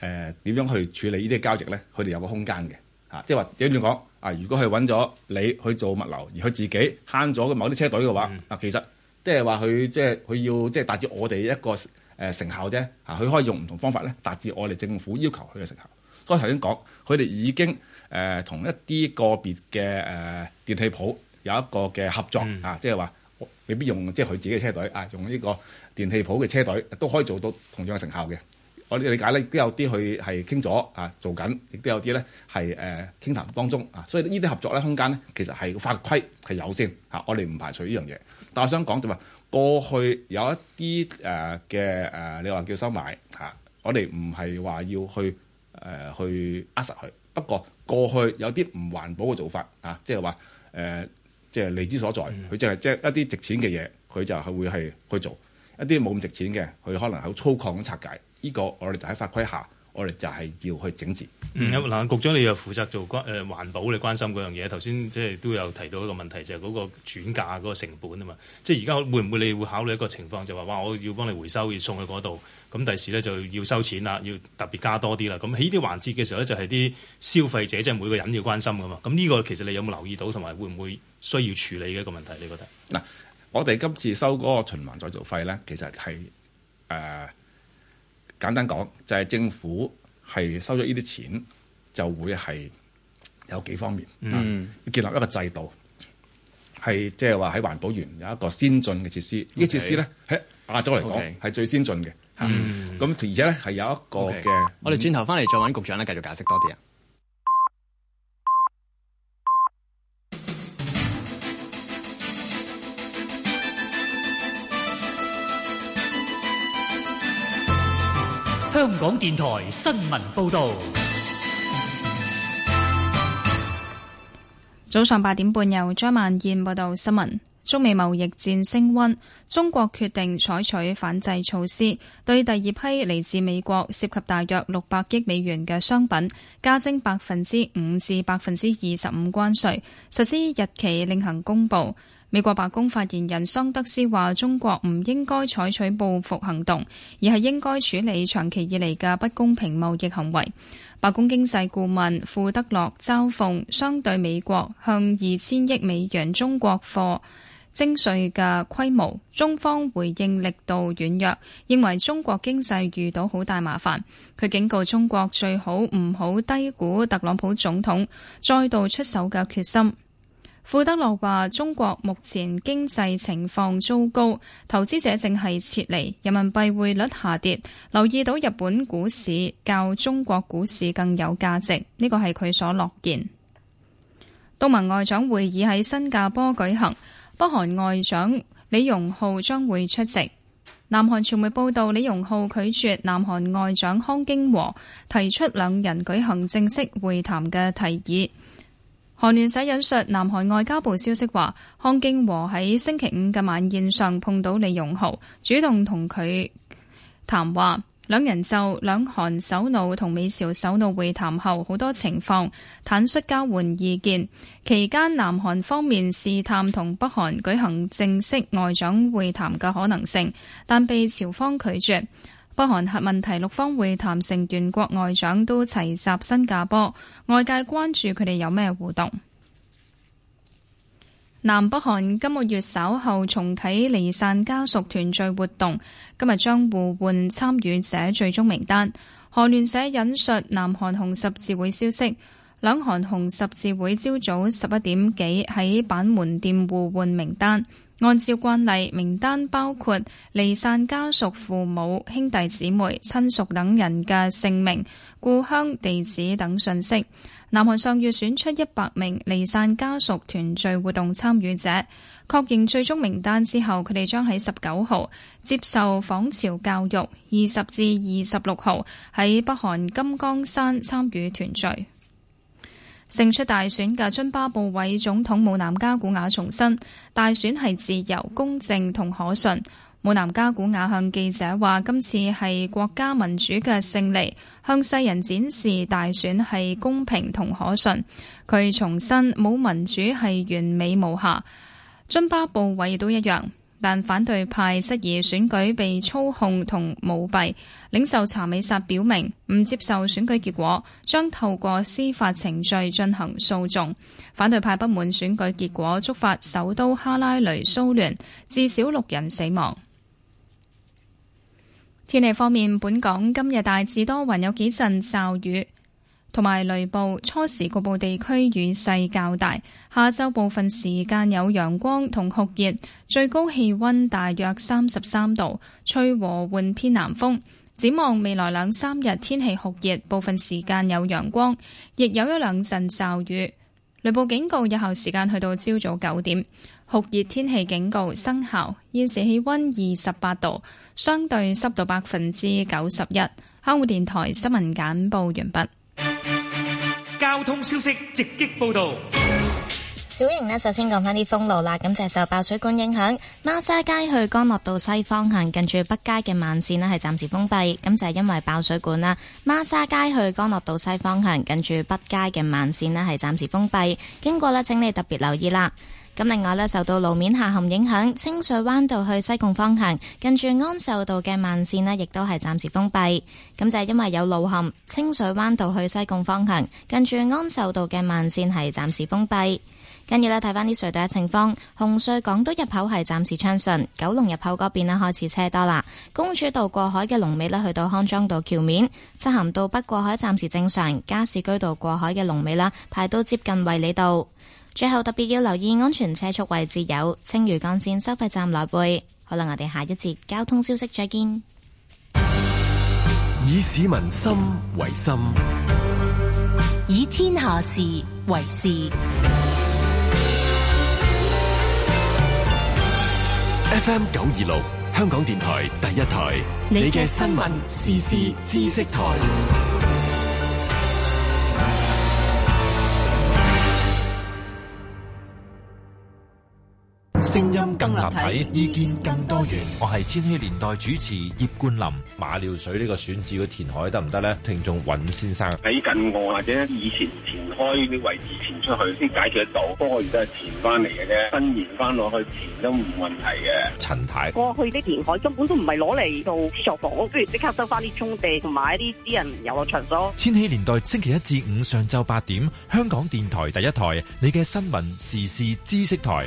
誒點樣去處理呢啲交易咧？佢哋有一個空間嘅嚇，即係話點樣講啊？如果佢揾咗你去做物流，而佢自己慳咗嘅某啲車隊嘅話，嗱、嗯啊、其實佢即係話佢即係佢要即係帶住我哋一個。誒、呃、成效啫，嚇、啊、佢可以用唔同方法咧達至我哋政府要求佢嘅成效。所以頭先講，佢哋已經誒同、呃、一啲個別嘅誒、呃、電器鋪有一個嘅合作嚇，即係話未必用即係佢自己嘅車隊啊，用呢個電器鋪嘅車隊都可以做到同樣嘅成效嘅。我哋理解咧，都有啲佢係傾咗啊，做緊，亦都有啲咧係誒傾談當中啊。所以呢啲合作咧空間咧，其實係法規係有先。嚇、啊，我哋唔排除呢樣嘢。但我想講就話、是。過去有一啲誒嘅誒，你話叫收買嚇、啊，我哋唔係話要去誒、啊、去壓實佢。不過過去有啲唔環保嘅做法嚇，即係話誒，即係利之所在，佢、嗯、就係即係一啲值錢嘅嘢，佢就係會係去做一啲冇咁值錢嘅，佢可能好粗獷咁拆解。呢、這個我哋就喺法規下。我哋就係要去整治。嗱、嗯嗯，局長你又負責做關誒、呃、環保，你關心嗰樣嘢。頭先即係都有提到一個問題，就係、是、嗰個轉嫁嗰、那個成本啊嘛。即係而家會唔會你會考慮一個情況，就話哇，我要幫你回收，要送去嗰度，咁第時咧就要收錢啦，要特別加多啲啦。咁喺呢啲環節嘅時候咧，就係、是、啲消費者即係、就是、每個人要關心㗎嘛。咁呢個其實你有冇留意到，同埋會唔會需要處理嘅一個問題？你覺得嗱，我哋今次收嗰個循環再造費咧，其實係誒。呃簡單講就係、是、政府係收咗呢啲錢就會係有幾方面，嗯，建立一個制度，係即係話喺環保園有一個先進嘅設施，Okay. 這些設施呢個設施咧喺亞洲嚟講係最先進嘅，吓、嗯，咁而且咧係有一個嘅，Okay. 嗯、我哋轉頭返嚟再搵局長咧繼續解釋多啲啊。香港電台新聞報道，早上八點半由張萬燕報道新聞。中美貿易戰升温，中國決定採取反制措施，對第二批嚟自美國涉及大約六百億美元嘅商品加徵百分之五至百分之二十五關稅，實施日期另行公布。美國白宮發言人桑德斯話：中國唔應該採取報復行動，而係應該處理長期以嚟嘅不公平貿易行為。白宮經濟顧問庫德洛嘲諷，相對美國向二千億美元中國貨徵稅嘅規模，中方回應力度軟弱，認為中國經濟遇到好大麻煩。佢警告中國最好唔好低估特朗普總統再度出手嘅決心。庫德洛話：中國目前經濟情況糟糕，投資者正係撤離，人民幣匯率下跌。留意到日本股市較中國股市更有價值，呢、這個係佢所樂見。東盟外長會議喺新加坡舉行，北韓外長李容浩將會出席。南韓傳媒報道，李容浩拒絕南韓外長康京和提出兩人舉行正式會談嘅提議。韓聯社引述南韓外交部消息話，康京和喺星期五嘅晚宴上碰到李容浩，主動同佢談話，兩人就兩韓首腦同美朝首腦會談後好多情況坦率交換意見。期間，南韓方面試探同北韓舉行正式外長會談嘅可能性，但被朝方拒絕。北韓核問題六方會談成員國外長都齊集新加坡，外界關注佢哋有咩互動。南北韓今個月稍後重啟離散家屬團聚活動，今日將互換參與者最終名單。韓聯社引述南韓紅十字會消息，兩韓紅十字會朝早十一點幾喺板門店互換名單。按照慣例，名單包括離散家屬父母、兄弟姊妹、親屬等人嘅姓名、故鄉地址等信息。南韓上月選出一百名離散家屬團聚活動參與者，確認最終名單之後，佢哋將喺十九號接受訪朝教育，二十至二十六號喺北韓金剛山參與團聚。勝出大選嘅津巴布韋總統姆南加古瓦重申，大選係自由、公正同可信。姆南加古瓦向記者話：今次係國家民主嘅勝利，向世人展示大選係公平同可信。佢重申冇民主係完美無瑕，津巴布韋都一樣。但反對派質疑選舉被操控同舞弊，領袖查美薩表明唔接受選舉結果，將透過司法程序進行訴訟。反對派不滿選舉結果，觸發首都哈拉雷騷亂，至少六人死亡。天氣方面，本港今日大致多雲，有幾陣驟雨，同埋雷暴初時局部地區雨勢較大，下晝部分時間有陽光同酷熱，最高氣溫大約三十三度，吹和緩偏南風。展望未來兩三日天氣酷熱，部分時間有陽光，亦有一兩陣驟雨。雷暴警告有效時間去到朝早九點，酷熱天氣警告生效。現時氣溫二十八度，相對濕度百分之九十一。香港電台新聞簡報完畢。交通消息直擊報道。小瑩呢，首先講翻啲封路啦。咁就係、是、受爆水管影響，孖沙街去干諾道西方向近住北街嘅慢線呢係暫時封閉。咁就係、是、因為爆水管啦。孖沙街去干諾道西方向近住北街嘅慢線呢係暫時封閉。經過呢，請你特別留意啦。咁另外呢，受到路面下陷影響，清水灣道去西貢方向近住安秀道嘅慢線呢，亦都係暫時封閉。咁就係、是、因為有路陷，清水灣道去西貢方向近住安秀道嘅慢線係暫時封閉。跟住呢，睇翻啲隧道嘅情況，紅隧港島入口係暫時暢順，九龍入口嗰邊開開始車多啦。公主道過海嘅龍尾呢，去到康莊道橋面，漆咸道北過海暫時正常，加士居道過海嘅龍尾啦排到接近衛理道。最後特別要留意安全車速位置，有青嶼幹線收費站內背。可能我哋下一節交通消息再見。以市民心為心，以天下事為事。FM 九二六香港電台第一台，你嘅新聞、時事、知識台。聲音更立體，體意見更多元。多元我係千禧年代主持葉冠霖。馬料水呢個選址去填海得唔得咧？聽眾尹先生喺近岸或者以前填開啲位置填出去，先解決得到不過而家填翻嚟嘅啫，新填翻攞去填都冇問題嘅。陳太過去啲填海根本都唔係攞嚟到私卧房屋，不如即刻收翻啲棕地同埋一啲私人遊樂場所。千禧年代星期一至五上晝八點，香港電台第一台，你嘅新聞時事知識台。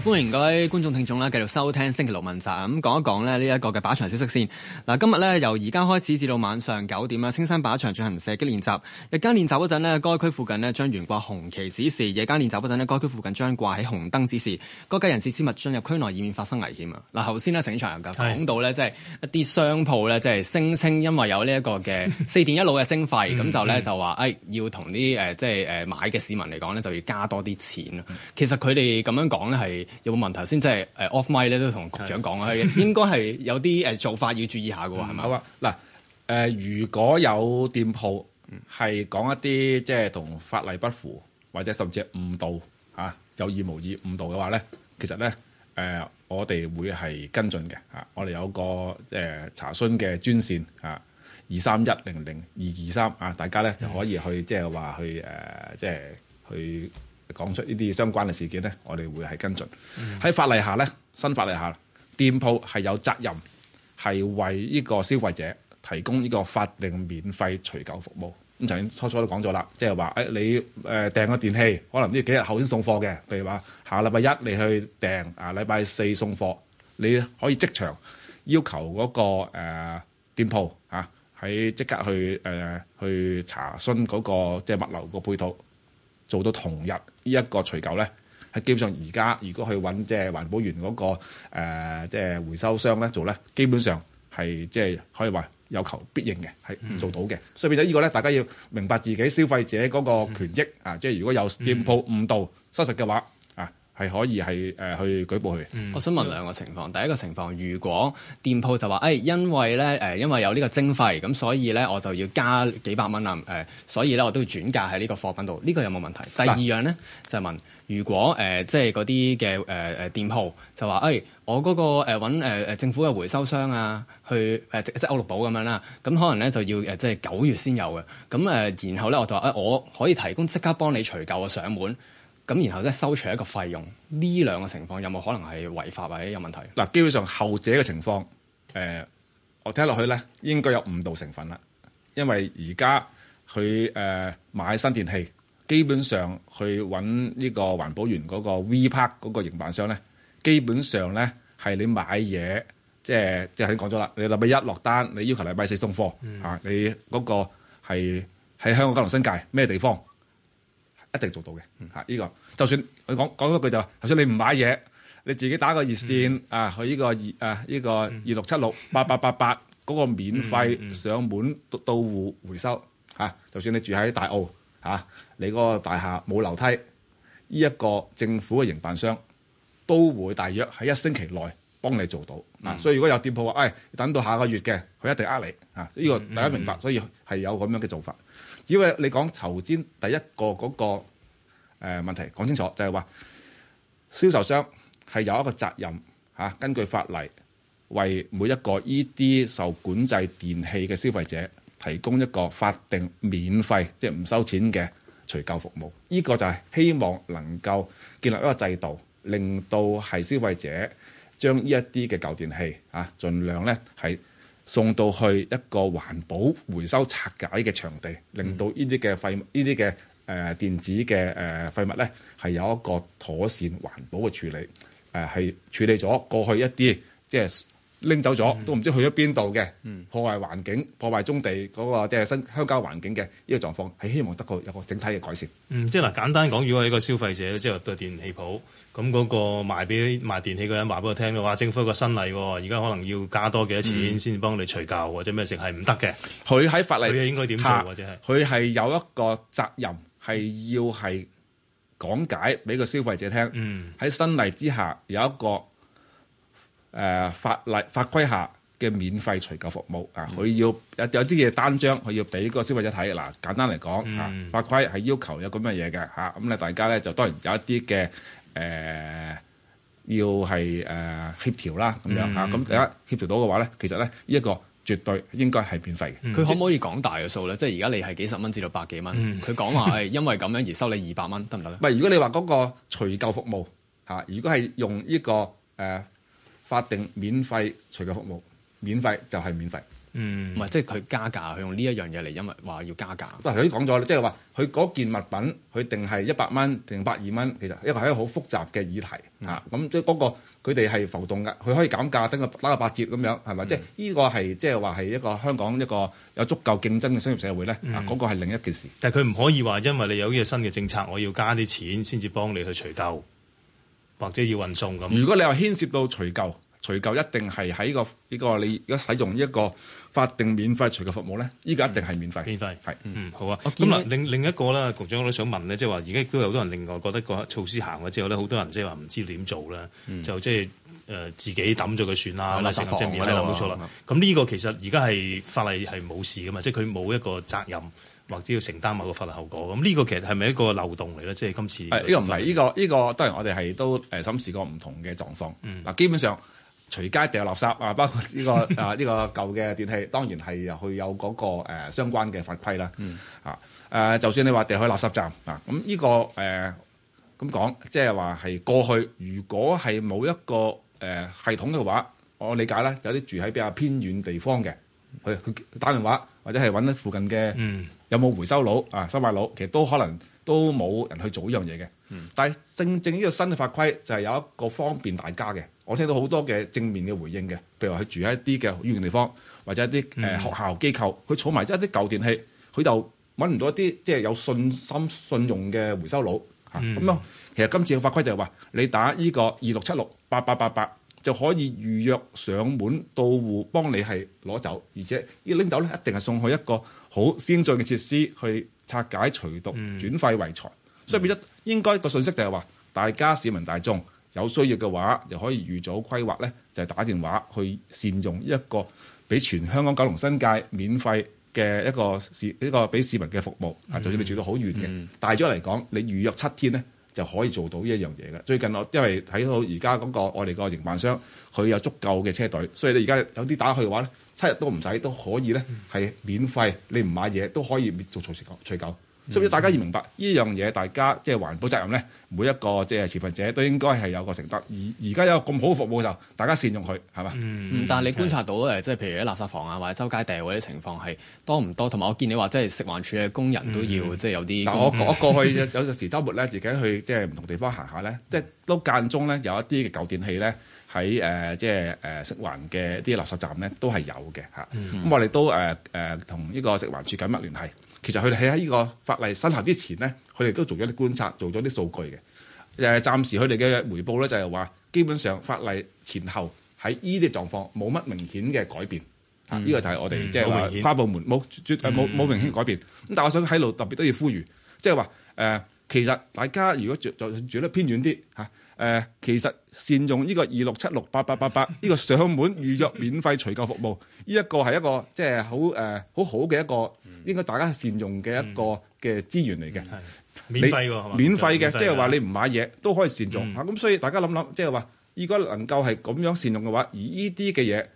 歡迎各位觀眾聽眾啦，繼續收聽星期六問責。咁講一講呢一個嘅靶場消息先。嗱，今日咧由而家開始至到晚上九點啦，青山靶場進行射擊練習。日間練習嗰陣該該區附近將將懸掛紅旗指示；夜間練習嗰陣該該區附近將掛喺紅燈指示。各界人士切勿進入區內以免發生危險啊！嗱，頭先咧星局長有講到即係是一啲商鋪咧，即、就、係、是、聲稱因為有呢一個嘅四電一腦嘅徵費，咁 就咧 就話誒、哎、要同啲誒即係誒買嘅市民嚟講呢就要加多啲錢。其實佢哋咁樣講係。有冇問題先？即係誒 off mic 咧都同局長講啊，是的 應該係有啲誒做法要注意下嘅喎，係咪 吧？好啊，嗱誒，如果有店鋪係講一啲即係同法例不符，或者甚至係誤導有意無意誤導嘅話咧，其實咧誒，我哋會係跟進嘅啊。我哋有個誒查詢嘅專線啊，二三一零零二二三啊，大家咧就可以去即係話去誒，即、就、係、是、去。呃就是講出呢啲相關嘅事件咧，我哋會係跟進。喺、嗯、法例下咧，新法例下，店鋪係有責任係為呢個消費者提供呢個法定免費除舊服務。咁頭先初初都講咗啦，即係話、哎、你誒訂、呃、個電器，可能呢幾日後先送貨嘅，譬如話下禮拜一你去訂啊，禮拜四送貨，你可以即場要求嗰、嗰個、呃、店鋪啊，喺即刻去、呃、去查詢嗰、嗰個即係物流個配套，做到同日。這個隧呢一個需求咧，係基本上而家如果去揾即係環保員嗰個誒即係回收商咧做咧，基本上係即係可以話有求必應嘅，係、嗯、做到嘅。所以變咗呢個咧，大家要明白自己消費者嗰個權益、嗯、啊，即係如果有店鋪誤導、失實嘅話。嗯嗯係可以係誒去舉報佢。我想問兩個情況，第一個情況，如果店鋪就話誒、哎，因為咧誒、呃，因為有呢個徵費，咁所以咧我就要加幾百蚊啊誒，所以咧我都要轉嫁喺呢個貨品度，呢、這個有冇問題？但第二樣咧就係、問，如果誒、呃、即係嗰啲嘅誒誒店鋪就話誒、哎，我嗰、那個誒揾、呃呃、政府嘅回收商啊，去誒、呃、即係歐陸寶咁樣啦，咁可能咧就要誒、呃、即係九月先有嘅，咁誒、呃、然後咧我就誒我、呃呃、可以提供即刻幫你除舊嘅上門。咁然後咧收取一個費用，呢兩個情況有冇可能係違法或者有問題？嗱，基本上後者嘅情況，誒、呃，我聽落去咧應該有誤導成分啦。因為而家佢誒買新電器，基本上去揾呢個環保園嗰個 V Park 嗰個營辦商咧，基本上咧係你買嘢，即係即係已經講咗啦。你禮拜一落單，你要求禮拜四送貨、嗯啊、你嗰個係喺香港九龍新界咩地方？一定做到嘅，吓、啊、呢、這個就算佢講講一句就話，就算你唔買嘢，你自己打個熱線、嗯、啊，去呢、這個二呢、啊這個二六七六八八八八嗰個免費上門都到戶回收吓、啊，就算你住喺大澳吓、啊，你嗰個大廈冇樓梯，呢、這、一個政府嘅營辦商都會大約喺一星期內幫你做到、啊，所以如果有店鋪話，哎等到下個月嘅，佢一定呃你啊，呢個大家明白，所以係有咁樣嘅做法。只要你講頭先第一個嗰、那個誒、呃、問題講清楚，就係、是、話銷售商係有一個責任、啊、根據法例為每一個依啲受管制電器嘅消費者提供一個法定免費即係唔收錢嘅除舊服務。呢、這個就係希望能夠建立一個制度，令到係消費者將呢一啲嘅舊電器嚇，啊、盡量咧喺。在送到去一個環保回收拆解嘅場地，令到呢啲嘅廢呢啲嘅誒電子嘅誒廢物咧係有一個妥善環保嘅處理，誒係處理咗過去一啲即係。即係拎走咗都唔知去咗邊度嘅，嗯、破壞環境、破壞棕地嗰、那個即係新鄉郊環境嘅呢個狀況，係希望得到有一個整體嘅改善。嗯、即係嗱，簡單講，如果一個消費者即係電器鋪，咁嗰個賣俾賣電器嗰人話俾我聽，話政府一個新例，而家可能要加多幾多錢先幫你除舊、嗯、或者咩剩，係唔得嘅。佢喺法例，佢應該點做或者係？佢係有一個責任係要係講解俾個消費者聽。喺、嗯、新例之下有一個。誒、呃、法例法規下嘅免費除舊服務啊，佢、嗯、要有有啲嘢單張，佢要俾個消費者睇。嗱、啊，簡單嚟講、嗯啊、法規係要求有咁嘅嘢嘅嚇。咁、啊、咧，大家咧就當然有一啲嘅誒，要係誒、呃、協調啦，咁樣嚇。咁、嗯啊、大家協調到嘅話咧，其實咧呢一個絕對應該係免費嘅。佢、嗯、可唔可以講大嘅數咧？即係而家你係幾十蚊至到百幾蚊，佢講話係因為咁樣而收你二百蚊，得唔得咧？唔係如果你話嗰個除舊服務嚇、啊，如果係用呢、呢個誒。呃法定免費除舊服務，免費就係免費，唔係、嗯、即係佢加價，佢用呢一樣嘢嚟，因為話要加價。嗱，頭先講咗，即係話佢嗰件物品是100元，佢定係一百蚊定百二蚊，其實是一個係一個好複雜嘅議題、嗯、啊。咁即係嗰個佢哋係浮動㗎，佢可以減價，等佢打個八折咁樣，係咪？嗯、即係呢個係即係話係一個香港一個有足夠競爭嘅商業社會咧。嗱、嗯，嗰個係另一件事。但係佢唔可以話，因為你有呢個新嘅政策，我要加啲錢先至幫你去除舊。或者要運送咁，如果你話牽涉到除舊，除舊一定係喺、呢個呢、呢個你而家使用一個法定免費除舊服務咧，依、呢個一定係免費。免費係嗯，是嗯好啊，咁啊另另一個咧，局長我都想問咧，即係話而家亦都有多人另外覺得個措施行咗之後咧，好多人即係話唔知點做咧，就即係誒自己抌咗佢算啦，即係冇錯啦。咁呢 個其實而家係法例係冇事噶嘛？即係佢冇一個責任。或者要承擔某個法律後果，咁呢個其實係咪一個漏洞嚟咧？即係今次呢個唔係呢個呢個，這個、當然我哋係都誒審視過唔同嘅狀況。嗱、嗯，基本上隨街掉垃圾啊，包括呢、這個 啊呢、這個舊嘅電器，當然係去有嗰、那個、呃、相關嘅法規啦。嗯、啊誒，就算你話掉喺垃圾站啊，咁、這、呢個誒咁講，即係話係過去如果係冇一個誒、呃、系統嘅話，我理解咧，有啲住喺比較偏遠地方嘅，去去打電話或者係揾附近嘅。嗯有冇回收佬啊？收買佬其實都可能都冇人去做呢樣嘢嘅。嗯、但係正正呢個新嘅法規就係、是、有一個方便大家嘅。我聽到好多嘅正面嘅回應嘅，譬如話佢住喺一啲嘅寓營地方，或者一啲誒、呃、學校機構，佢儲埋一啲舊電器，佢就揾唔到一啲即係有信心信用嘅回收佬吓咁咯、嗯啊，其實今次嘅法規就係話你打呢個二六七六八八八八就可以預約上門到戶幫你係攞走，而且呢拎走咧一定係送去一個。好先進嘅設施去拆解除毒、嗯、轉廢為財，所以變咗應該個訊息就係話，大家市民大眾有需要嘅話，就可以預早規劃咧，就係、打電話去善用一個俾全香港九龍新界免費嘅一個市呢個俾市民嘅服務啊，嗯、就算你住到好遠嘅，大咗嚟講，你預約七天咧就可以做到呢一樣嘢嘅。最近我因為睇到而家嗰個我哋個營辦商佢有足夠嘅車隊，所以你而家有啲打去嘅話咧。七日都唔使都可以咧，係免費。你唔買嘢都可以做隨時攪除舊。所以大家要明白呢樣嘢，大家即係環保責任咧，每一個即係持份者都應該係有個承擔。而而家有咁好嘅服務就，大家善用佢，係嘛？嗯。但係你觀察到即係是譬如喺垃圾房啊，或者周街掟嗰啲情況係多唔多？同埋我見你話即係食環署嘅工人都要、嗯、即係有啲。我我過去 有陣時週末咧，自己去即係唔同地方行下咧，即係都間中咧有一啲嘅舊電器咧。喺誒、呃、即係誒食環嘅啲垃圾站咧，都係有嘅嚇。咁、嗯嗯、我哋都誒誒同呢個食環署緊密聯繫，其實佢哋喺喺呢個法例生效之前咧，佢哋都做咗啲觀察，做咗啲數據嘅。誒、呃、暫時佢哋嘅回報咧就係話，基本上法例前後喺呢啲狀況冇乜明顯嘅改變。嚇、嗯，呢、啊這個就係我哋即係話跨部門冇冇冇明顯嘅改變。咁、嗯、但我想喺度特別都要呼籲，即係話誒，其實大家如果住住住得偏遠啲嚇。啊誒、呃，其實善用呢個二六七六八八八八呢個上門預約免費除舊服務，呢、這個、一個係一個即係好誒好好嘅一個，應該大家善用嘅一個嘅資源嚟嘅。免費的免費嘅，即係話你唔買嘢都可以善用吓。咁、嗯、所以大家諗諗，即係話如果能夠係咁樣善用嘅話，而呢啲嘅嘢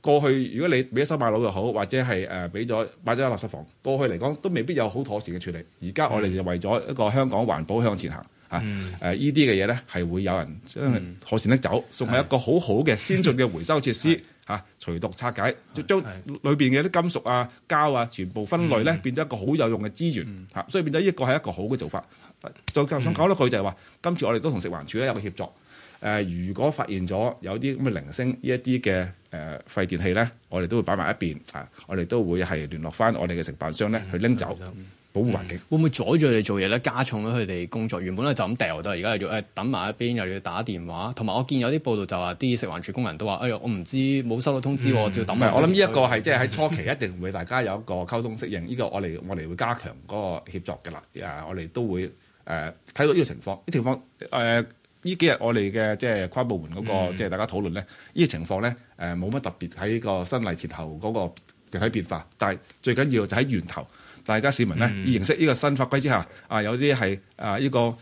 過去，如果你俾咗收買佬又好，或者係誒俾咗買咗垃圾房，過去嚟講都未必有好妥善嘅處理。而家我哋就為咗一個香港環保向前行。嚇誒呢啲嘅嘢咧，係、嗯啊、會有人將、嗯、妥善拎走，送係一個好好嘅先進嘅回收設施隨是、啊、除毒拆解，將裏面嘅啲金屬啊、膠啊，全部分類咧，嗯、變咗一、嗯啊、一個好有用嘅資源，所以變咗呢個係一個好嘅做法。嗯、再想講多句就係話，嗯、今次我哋都同食環署咧有一個協作、呃、如果發現咗有啲咁嘅零星呢一啲嘅誒廢電器咧，我哋都會擺埋一邊、啊、我哋都會係聯絡翻我哋嘅承辦商咧去拎走。嗯嗯嗯保護環境、嗯、會唔會阻住佢哋做嘢咧？加重咗佢哋工作，原本咧就咁掉到而家又要誒等埋一邊，又要打電話。同埋我見有啲報道就話啲食環署工人都話，哎呀，我唔知冇收到通知喎，就、嗯、要等。我諗呢一個係即係喺初期一定會大家有一個溝通適應，呢、嗯、個我哋我哋會加強嗰個協作㗎喇。啊，我哋都會誒睇到呢個情況，呢、這個、情況誒呢、呃、幾日我哋嘅即係跨部門嗰、那個即係、嗯、大家討論咧，呢、這個情況咧誒冇乜特別喺個新例前後嗰個具體變化，但係最緊要就喺源頭。大家市民咧，認識呢個新法規之下，嗯、啊有啲係啊呢、呢個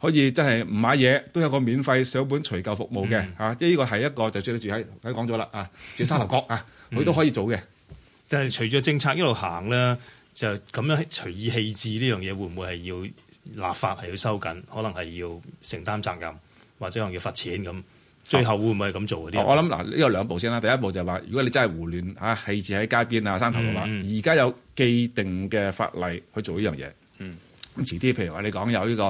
可以真係唔買嘢，都有個免費上門除舊服務嘅嚇。呢、嗯啊呢個係一個，就算住喺喺講咗啦啊，住沙頭角啊，佢都可以做嘅、嗯嗯。但係隨住政策一路行咧，就咁樣隨意棄置呢樣嘢，會唔會係要立法係要收緊，可能係要承擔責任，或者可能要罰錢咁？最後會唔會咁做嗰啲、啊？我諗嗱，呢個兩步先啦。第一步就係、是、話，如果你真係胡亂嚇、啊、棄置喺街邊啊、山頭嘅、嗯、話，而家有既定嘅法例去做呢樣嘢。咁、嗯、遲啲，譬如話你講有呢個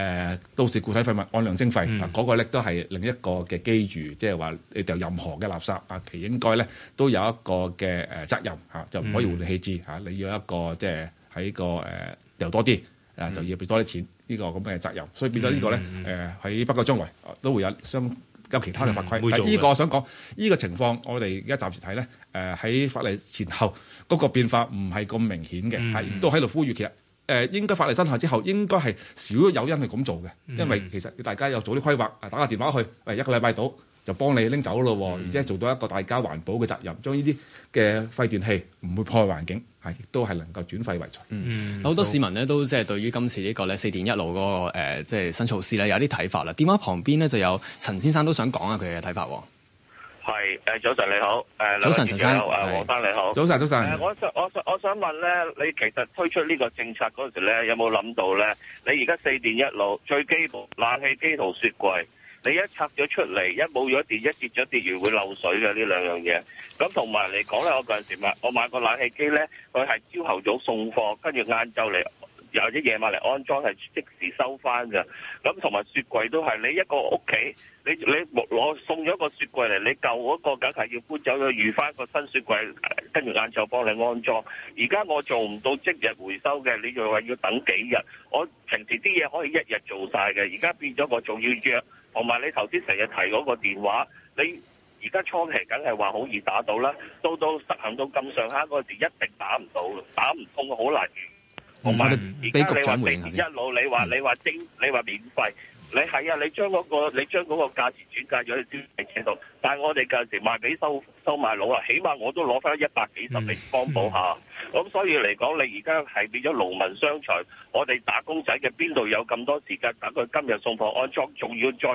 誒，都、呃、市固體廢物按量徵費，嗱嗰、嗯啊那個咧都係另一個嘅基礎，即係話你掉任何嘅垃圾啊，其應該咧都有一個嘅誒責任嚇、啊，就唔可以胡亂棄置嚇、啊。你要一個即係喺個誒掉多啲啊，就要俾多啲錢呢、這個咁嘅責任。所以變咗呢個咧誒，喺、嗯嗯呃、北角周圍都會有相。有其他嘅法規，嗯、會做但係呢個我想講，呢、呢個情況我哋而家暫時睇咧，誒、呃、喺法例前後嗰、嗰個變化唔係咁明顯嘅，係、嗯、都喺度呼籲，其實誒、呃、應該法例生效之後，應該係少有因去咁做嘅，因為其實大家有早啲規劃，打個電話去，喂，一個禮拜到就幫你拎走咯，嗯、而且做到一個大家環保嘅責任，將呢啲嘅廢電器唔會破壞環境。亦都係能夠轉廢為財。嗯，好、嗯、多市民咧都即係對於今次呢個咧四電一腦嗰個即係新措施咧有啲睇法啦。電話旁邊咧就有陳先生都想講下佢嘅睇法。係，誒早晨你好，誒、呃、早晨陳生，誒黃生你好，早晨早晨、呃。我想我想我想問咧，你其實推出呢個政策嗰陣時咧，有冇諗到咧？你而家四電一腦最基本冷氣機同雪櫃。你一拆咗出嚟，一冇咗電，一跌咗跌完會漏水嘅呢兩樣嘢。咁同埋嚟講咧，我嗰陣時嘛，我買個冷氣機咧，佢係朝頭早送貨，跟住晏晝嚟，或者夜晚嚟安裝，係即時收翻嘅。咁同埋雪櫃都係，你一個屋企，你你冇攞送咗個雪櫃嚟，你舊嗰個梗係要搬走咗，預翻個新雪櫃，跟住晏晝幫你安裝。而家我做唔到即日回收嘅，你仲話要等幾日？我平時啲嘢可以一日做晒嘅，而家變咗我仲要約。同埋你頭先成日提嗰個電話，你而家初期梗係話好易打到啦，都都實行到咁上下嗰時，一定打唔到，打唔通，好難。同埋而家你話精一,一路，你話你話精，你話免費。嗯你係啊！你將嗰、那個你將嗰個價錢轉嫁咗去消費者度，但係我哋嗰陣時賣俾收收賣佬啊，起碼我都攞翻一百幾十嚟幫補下。咁、嗯嗯、所以嚟講，你而家係變咗勞民傷財，我哋打工仔嘅邊度有咁多時間等佢今日送貨安裝，仲要再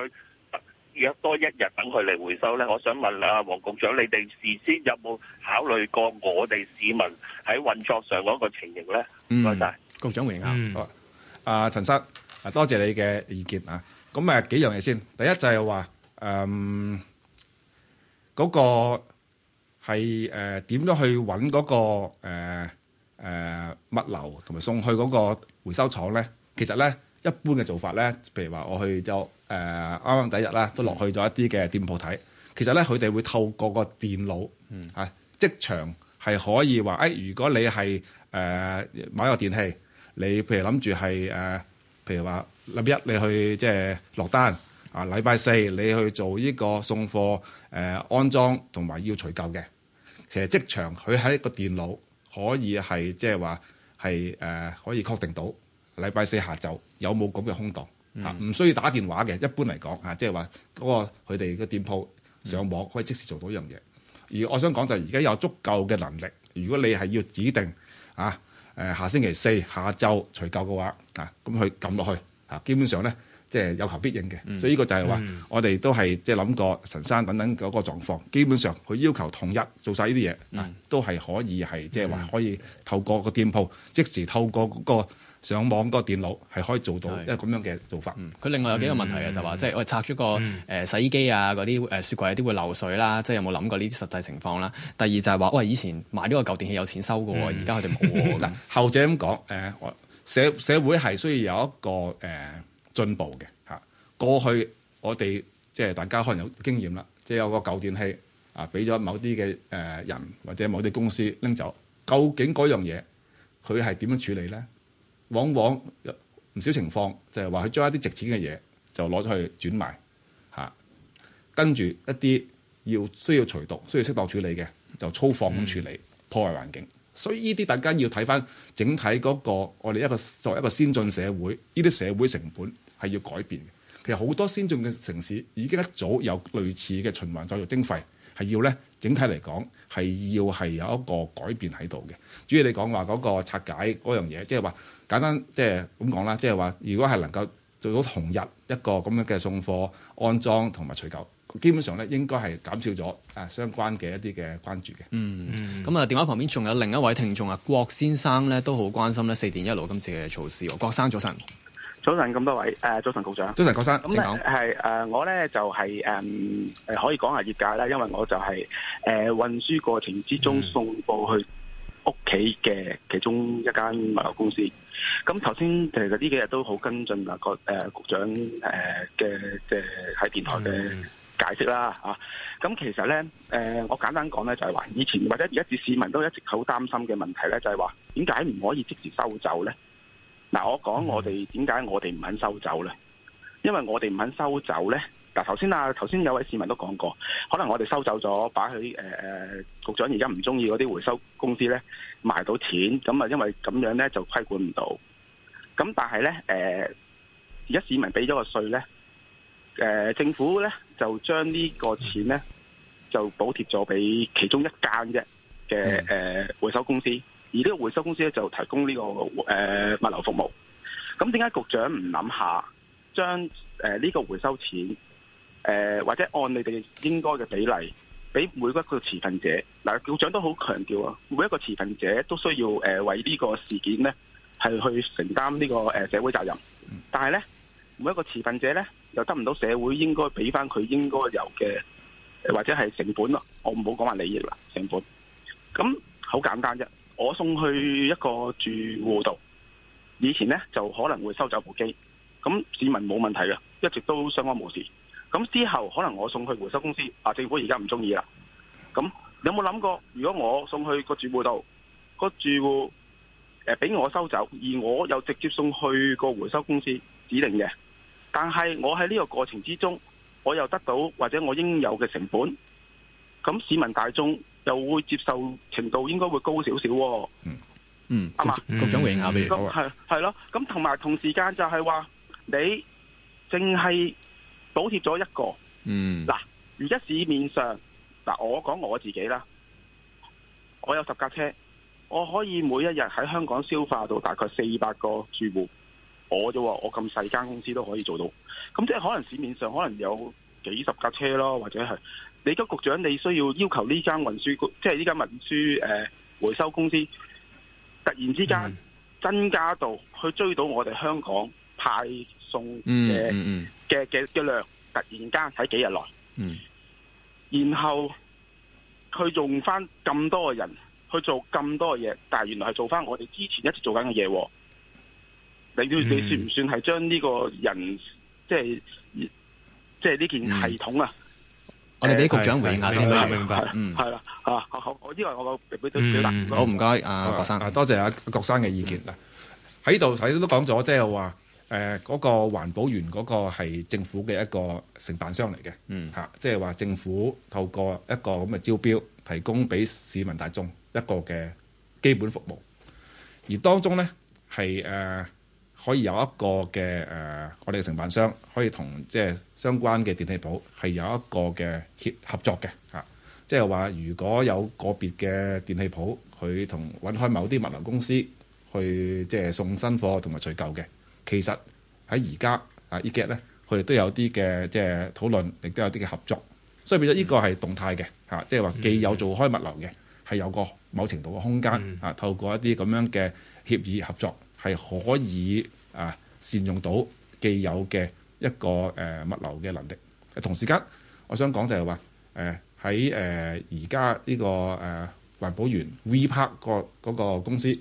約多一日等佢嚟回收咧？我想問啊，黃局長，你哋事先有冇考慮過我哋市民喺運作上嗰個情形咧？唔該晒，謝謝局長回應下。嗯、啊，陳生、呃。啊，多謝你嘅意見啊！咁咪幾樣嘢先，第一就係話嗰個係誒點樣去揾嗰、嗰個誒、呃呃、物流同埋送去嗰個回收廠咧？其實咧一般嘅做法咧，譬如話我去就啱啱、呃、第一日啦，都落去咗一啲嘅店鋪睇。其實咧佢哋會透過個電腦，嗯嚇，職、啊、場係可以話誒、哎，如果你係誒買個電器，你譬如諗住係譬如話，禮拜一你去即係落單，啊，禮拜四你去做呢個送貨、誒、呃、安裝同埋要除舊嘅。其實職場佢喺個電腦可以係即係話係誒可以確定到禮拜四下晝有冇咁嘅空檔嚇，嗯、啊、唔需要打電話嘅。一般嚟講嚇，即係話嗰個佢哋嘅店鋪上網可以即時做到一樣嘢。而我想講就係而家有足夠嘅能力，如果你係要指定啊。誒、呃、下星期四下晝除舊嘅話，啊咁佢撳落去，啊基本上咧即係有求必應嘅，嗯、所以呢個就係話、嗯、我哋都係即係諗過陳生等等嗰個狀況，基本上佢要求統一做晒呢啲嘢，啊、嗯嗯、都係可以係即係話可以透過個店鋪，嗯、即時透過嗰、嗰個上網個電腦係可以做到，一個咁樣嘅做法。佢、嗯、另外有幾個問題嘅、嗯、就話即係我拆咗個誒洗衣機啊，嗰啲誒雪櫃、啊嗯、有啲會漏水啦。即係有冇諗過呢啲實際情況啦、啊？第二就係話，喂，以前買呢個舊電器有錢收嘅喎，而家佢哋冇嘅。 後者咁講誒，社社會係需要有一個誒、呃、進步嘅嚇。過去我哋即係大家可能有經驗啦，即係有個舊電器啊，俾咗某啲嘅誒人或者某啲公司拎走，究竟嗰樣嘢佢係點樣處理咧？往往唔少情況就係話佢將一啲值錢嘅嘢就攞咗去轉賣，嚇，跟住一啲要需要除毒、需要適當處理嘅就粗放咁處理，破壞環境，所以呢啲大家要睇翻整體嗰個我哋一個作為一個先進社會，呢啲社會成本係要改變嘅。其實好多先進嘅城市已經一早有類似嘅循環再用徵費。係要咧，整體嚟講係要係有一個改變喺度嘅。主要你講話嗰個拆解嗰樣嘢，即係話簡單，即係咁講啦。即係話如果係能夠做到同日一個咁樣嘅送貨、安裝同埋除舊，基本上咧應該係減少咗啊相關嘅一啲嘅關注嘅。嗯，咁啊、嗯，電話旁邊仲有另一位聽眾啊，郭先生咧都好關心咧四電一腦今次嘅措施。郭生早晨。早晨，咁多位誒，早晨，局長。早晨，郭生。咁咧係我咧就係、是、誒、嗯、可以講下業界啦，因為我就係、是、誒、呃、運輸過程之中送到去屋企嘅其中一間物流公司。咁頭先其實呢幾日都好跟進啊個誒局長誒嘅嘅喺電台嘅解釋啦。咁其實咧我簡單講咧就係話，以前或者而家啲市民都一直好擔心嘅問題咧，就係話點解唔可以即時收走咧？嗱，我講我哋點解我哋唔肯收走咧？因為我哋唔肯收走咧，嗱頭先啊，頭先有位市民都講過，可能我哋收走咗，把佢誒誒局長而家唔中意嗰啲回收公司咧賣到錢，咁啊因為咁樣咧就規管唔到。咁但係咧誒，而家市民俾咗個稅咧，誒政府咧就將呢個錢咧就補貼咗俾其中一間啫嘅誒回收公司。而呢個回收公司咧就提供呢個物流服務。咁點解局長唔諗下將呢個回收錢或者按你哋應該嘅比例俾每一個持份者嗱？局長都好強調啊，每一個持份者都需要為呢個事件咧係去承擔呢個社會責任。但係咧，每一個持份者咧又得唔到社會應該俾翻佢應該有嘅，或者係成本咯。我唔好講話利益啦，成本。咁好簡單啫。我送去一個住戶度，以前呢就可能會收走部機，咁市民冇問題嘅，一直都相安無事。咁之後可能我送去回收公司，啊政府而家唔中意啦。咁你有冇諗過？如果我送去個住戶度，個住戶誒俾我收走，而我又直接送去個回收公司指定嘅，但係我喺呢個過程之中，我又得到或者我應有嘅成本，咁市民大眾。就會接受程度應該會高少少，嗯，嗯吧嗯，係，嗯、嘛，咁想回應下你，係係咯，咁同埋同時間就係話你淨係補貼咗一個，嗯，嗱，而家市面上嗱，我講我自己啦，我有十架車，我可以每一日喺香港消化到大概四百個住戶，我啫，我咁細間公司都可以做到，咁即係可能市面上可能有幾十架車咯，或者係。你咁，局長你需要要求呢間運輸，即係呢間運輸誒回收公司，突然之間增加到、嗯、去追到我哋香港派送嘅嘅嘅嘅量，突然間喺幾日內，嗯、然後佢用翻咁多嘅人去做咁多嘅嘢，但係原來係做翻我哋之前一直做緊嘅嘢。你你算唔算係將呢個人，即係即係呢件系統啊？嗯嗯我哋俾局長回應下、嗯、先啦，嗯，係啦，啊，好，好好好，這個，我因為我個表表達好唔該，阿、啊、郭生，多謝阿、啊、郭生嘅意見嗱。喺度睇都講咗，即係話誒嗰個環保園嗰個係政府嘅一個承辦商嚟嘅，嗯嚇，即係話政府透過一個咁嘅招標，提供俾市民大眾一個嘅基本服務，而當中咧係誒。可以有一個嘅誒、呃，我哋嘅承辦商可以同即係相關嘅電器鋪係有一個嘅協合作嘅嚇、啊，即係話如果有個別嘅電器鋪佢同揾開某啲物流公司去即係送新貨同埋除舊嘅，其實喺而家啊 e a g 咧，佢哋都有啲嘅即係討論，亦都有啲嘅合作，所以變咗呢個係動態嘅嚇，嗯、即係話既有做開物流嘅，係有個某程度嘅空間嚇、嗯啊，透過一啲咁樣嘅協議合作。係可以啊，善用到既有嘅一個誒物流嘅能力。同時間，我想講就係話誒喺誒而家呢個誒環保園 Vpark 個嗰公司，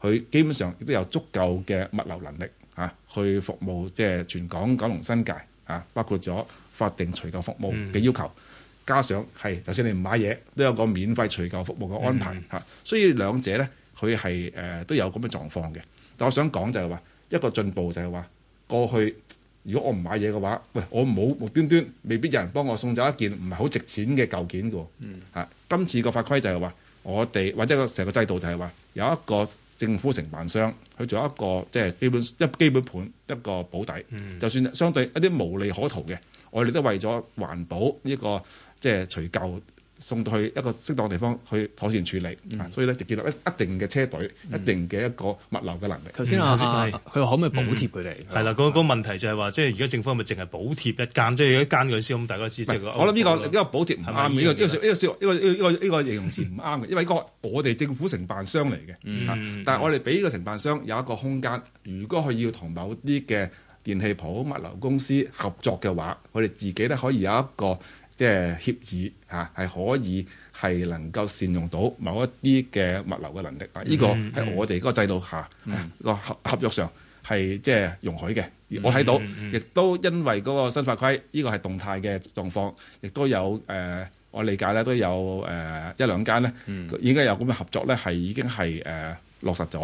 佢基本上亦都有足夠嘅物流能力啊，去服務即係全港九龍新界啊，包括咗法定除舊服務嘅要求，加上係就算你唔買嘢，都有個免費除舊服務嘅安排嚇。所以兩者咧，佢係誒都有咁嘅狀況嘅。但我想講就係話一個進步就係話過去如果我唔買嘢嘅話，喂，我冇無端端未必有人幫我送走一件唔係好值錢嘅舊件嘅。嚇、嗯，今次個法規就係話我哋或者個成個制度就係話有一個政府承辦商去做一個即係基本一基本盤一個保底，嗯、就算相對一啲無利可圖嘅，我哋都為咗環保呢、這、一個即係除舊。送到去一個適當地方去妥善處理，所以咧就建立一一定嘅車隊，一定嘅一個物流嘅能力。頭先啊，佢可唔可以補貼佢哋？係啦，個個問題就係話，即係而家政府係咪淨係補貼一間？即係一間嘅公司咁，大家知。我諗呢個呢個補貼唔啱，呢個呢個呢個呢個呢個形容詞唔啱嘅，因為呢個我哋政府承辦商嚟嘅，但係我哋俾呢個承辦商有一個空間，如果佢要同某啲嘅電器鋪物流公司合作嘅話，我哋自己咧可以有一個。即係協議嚇，係可以係能夠善用到某一啲嘅物流嘅能力啊！呢個喺我哋嗰個制度下個、嗯嗯、合合，合約上係即係容許嘅。我睇到亦、嗯嗯嗯、都因為嗰個新法規，呢、呢個係動態嘅狀況，亦都有誒、呃，我理解咧都有誒一兩間咧，已經有咁嘅合作咧，係已經係誒。落實咗，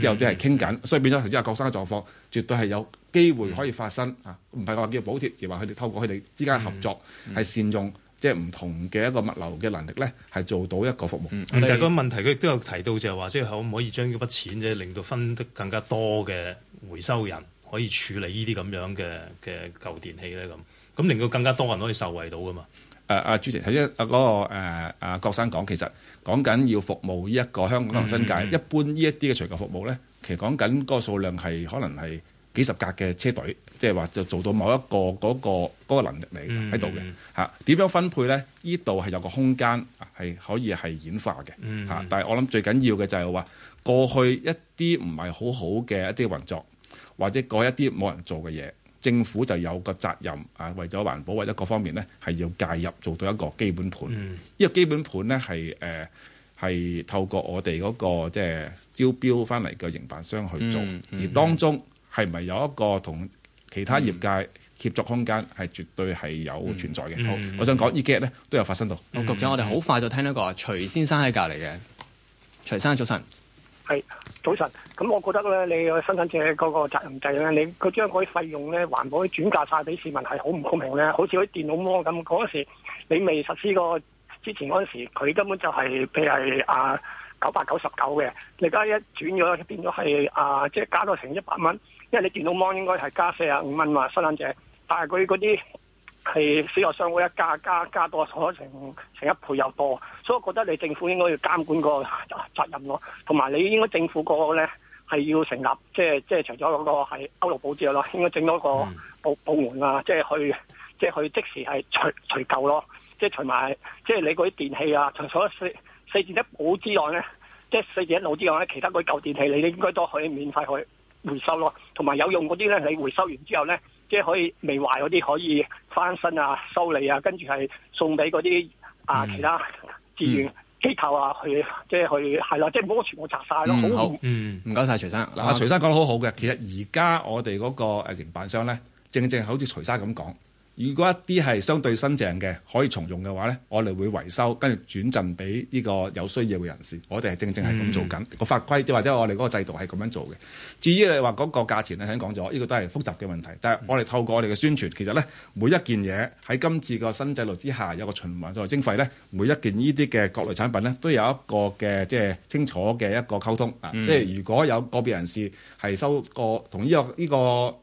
有啲係傾緊，嗯嗯、所以變咗頭先話郭生嘅狀況絕對係有機會可以發生啊，唔係話叫補貼，而話佢哋透過佢哋之間合作係、嗯嗯、善用即係唔同嘅一個物流嘅能力咧，係做到一個服務。嗯、以但係個問題佢都有提到就，就係話即係可唔可以將呢筆錢即係，令到分得更加多嘅回收人可以處理呢啲咁樣嘅嘅舊電器咧，咁咁令到更加多人可以受惠到噶嘛。誒阿、啊啊、主席，頭先阿嗰個誒阿郭生講，其實講緊要服務依一個香港嘅新界，mm hmm. 一般呢一啲嘅除舊服務咧，其實講緊嗰個數量係可能係幾十架嘅車隊，即係話就做到某一個嗰、嗰個嗰個能力嚟喺度嘅嚇。點、mm hmm. 啊、樣分配咧？呢度係有個空間係可以係演化嘅嚇、啊。但係我諗最緊要嘅就係話，過去一啲唔係好好嘅一啲運作，或者過一啲冇人做嘅嘢。政府就有個責任啊，為咗環保或者各方面呢，係要介入做到一個基本盤。呢個、嗯、基本盤呢係誒係透過我哋嗰、那個即係招標翻嚟嘅營辦商去做，嗯嗯、而當中係咪有一個同其他業界協作空間係絕對係有存在嘅？嗯嗯、好，我想講呢、嗯、幾日都有發生到。嗯、局長，我哋好快就聽到一個徐先生喺隔離嘅徐先生，早晨。係。早晨，咁我覺得咧，你個生產者嗰個責任制咧，你佢將嗰啲費用咧，環保以轉嫁晒俾市民係好唔公平咧。好似嗰啲電腦模咁嗰陣時，你未實施過之前嗰陣時，佢根本就係譬如啊九百九十九嘅，而、呃、家一轉咗變咗係啊即係加咗成一百蚊，因為你電腦模應該係加四十五蚊嘛，生產者，但係佢嗰啲。係石油商會一加加加多咗成成一倍又多，所以我覺得你政府應該要監管個責任咯，同埋你應該政府嗰個咧係要成立，即係即係除咗嗰個係歐綠保之外咯，應該整多個部部門啊，即係去即係去即時係除除舊咯，即係除埋即係你嗰啲電器啊，除咗四四電一腦之外咧，即係四電一腦之外咧，其他嗰啲舊電器你應該都可以免費去回收咯，同埋有，有用嗰啲咧，你回收完之後咧。即係可以未壞嗰啲可以翻新啊、修理啊，跟住係送俾嗰啲啊其他資源機構啊、嗯嗯、去，即係去係啦，即係唔好全部拆晒咯、嗯。好，不嗯，唔該晒徐生，徐生啊，徐生講得好好嘅。其實而家我哋嗰個誒營辦商咧，正正好似徐生咁講。如果一啲係相對新淨嘅可以重用嘅話咧，我哋會維修跟住轉贈俾呢個有需要嘅人士。我哋係正正係咁做緊。個、嗯、法規或者我哋嗰個制度係咁樣做嘅。至於你話嗰個價錢咧，已經講咗，呢、這個都係複雜嘅問題。但係我哋透過我哋嘅宣傳，其實咧每一件嘢喺今次個新制度之下有個循環在徵費咧，每一件呢啲嘅各類產品咧，都有一個嘅即係清楚嘅一個溝通、嗯、啊。即係如果有個別人士係收過同呢個呢個。這個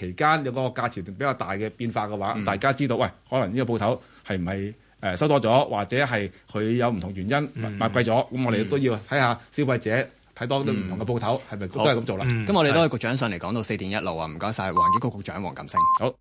期間有個價錢比較大嘅變化嘅話，嗯、大家知道，喂，可能呢個鋪頭係唔係誒收多咗，或者係佢有唔同原因、嗯、賣貴咗，咁、嗯、我哋都要睇下消費者睇多啲唔同嘅鋪頭係咪都係咁做啦。咁、嗯、我哋都係局長上嚟講到四電一腦啊，唔該晒，環境局局長黃錦星。好。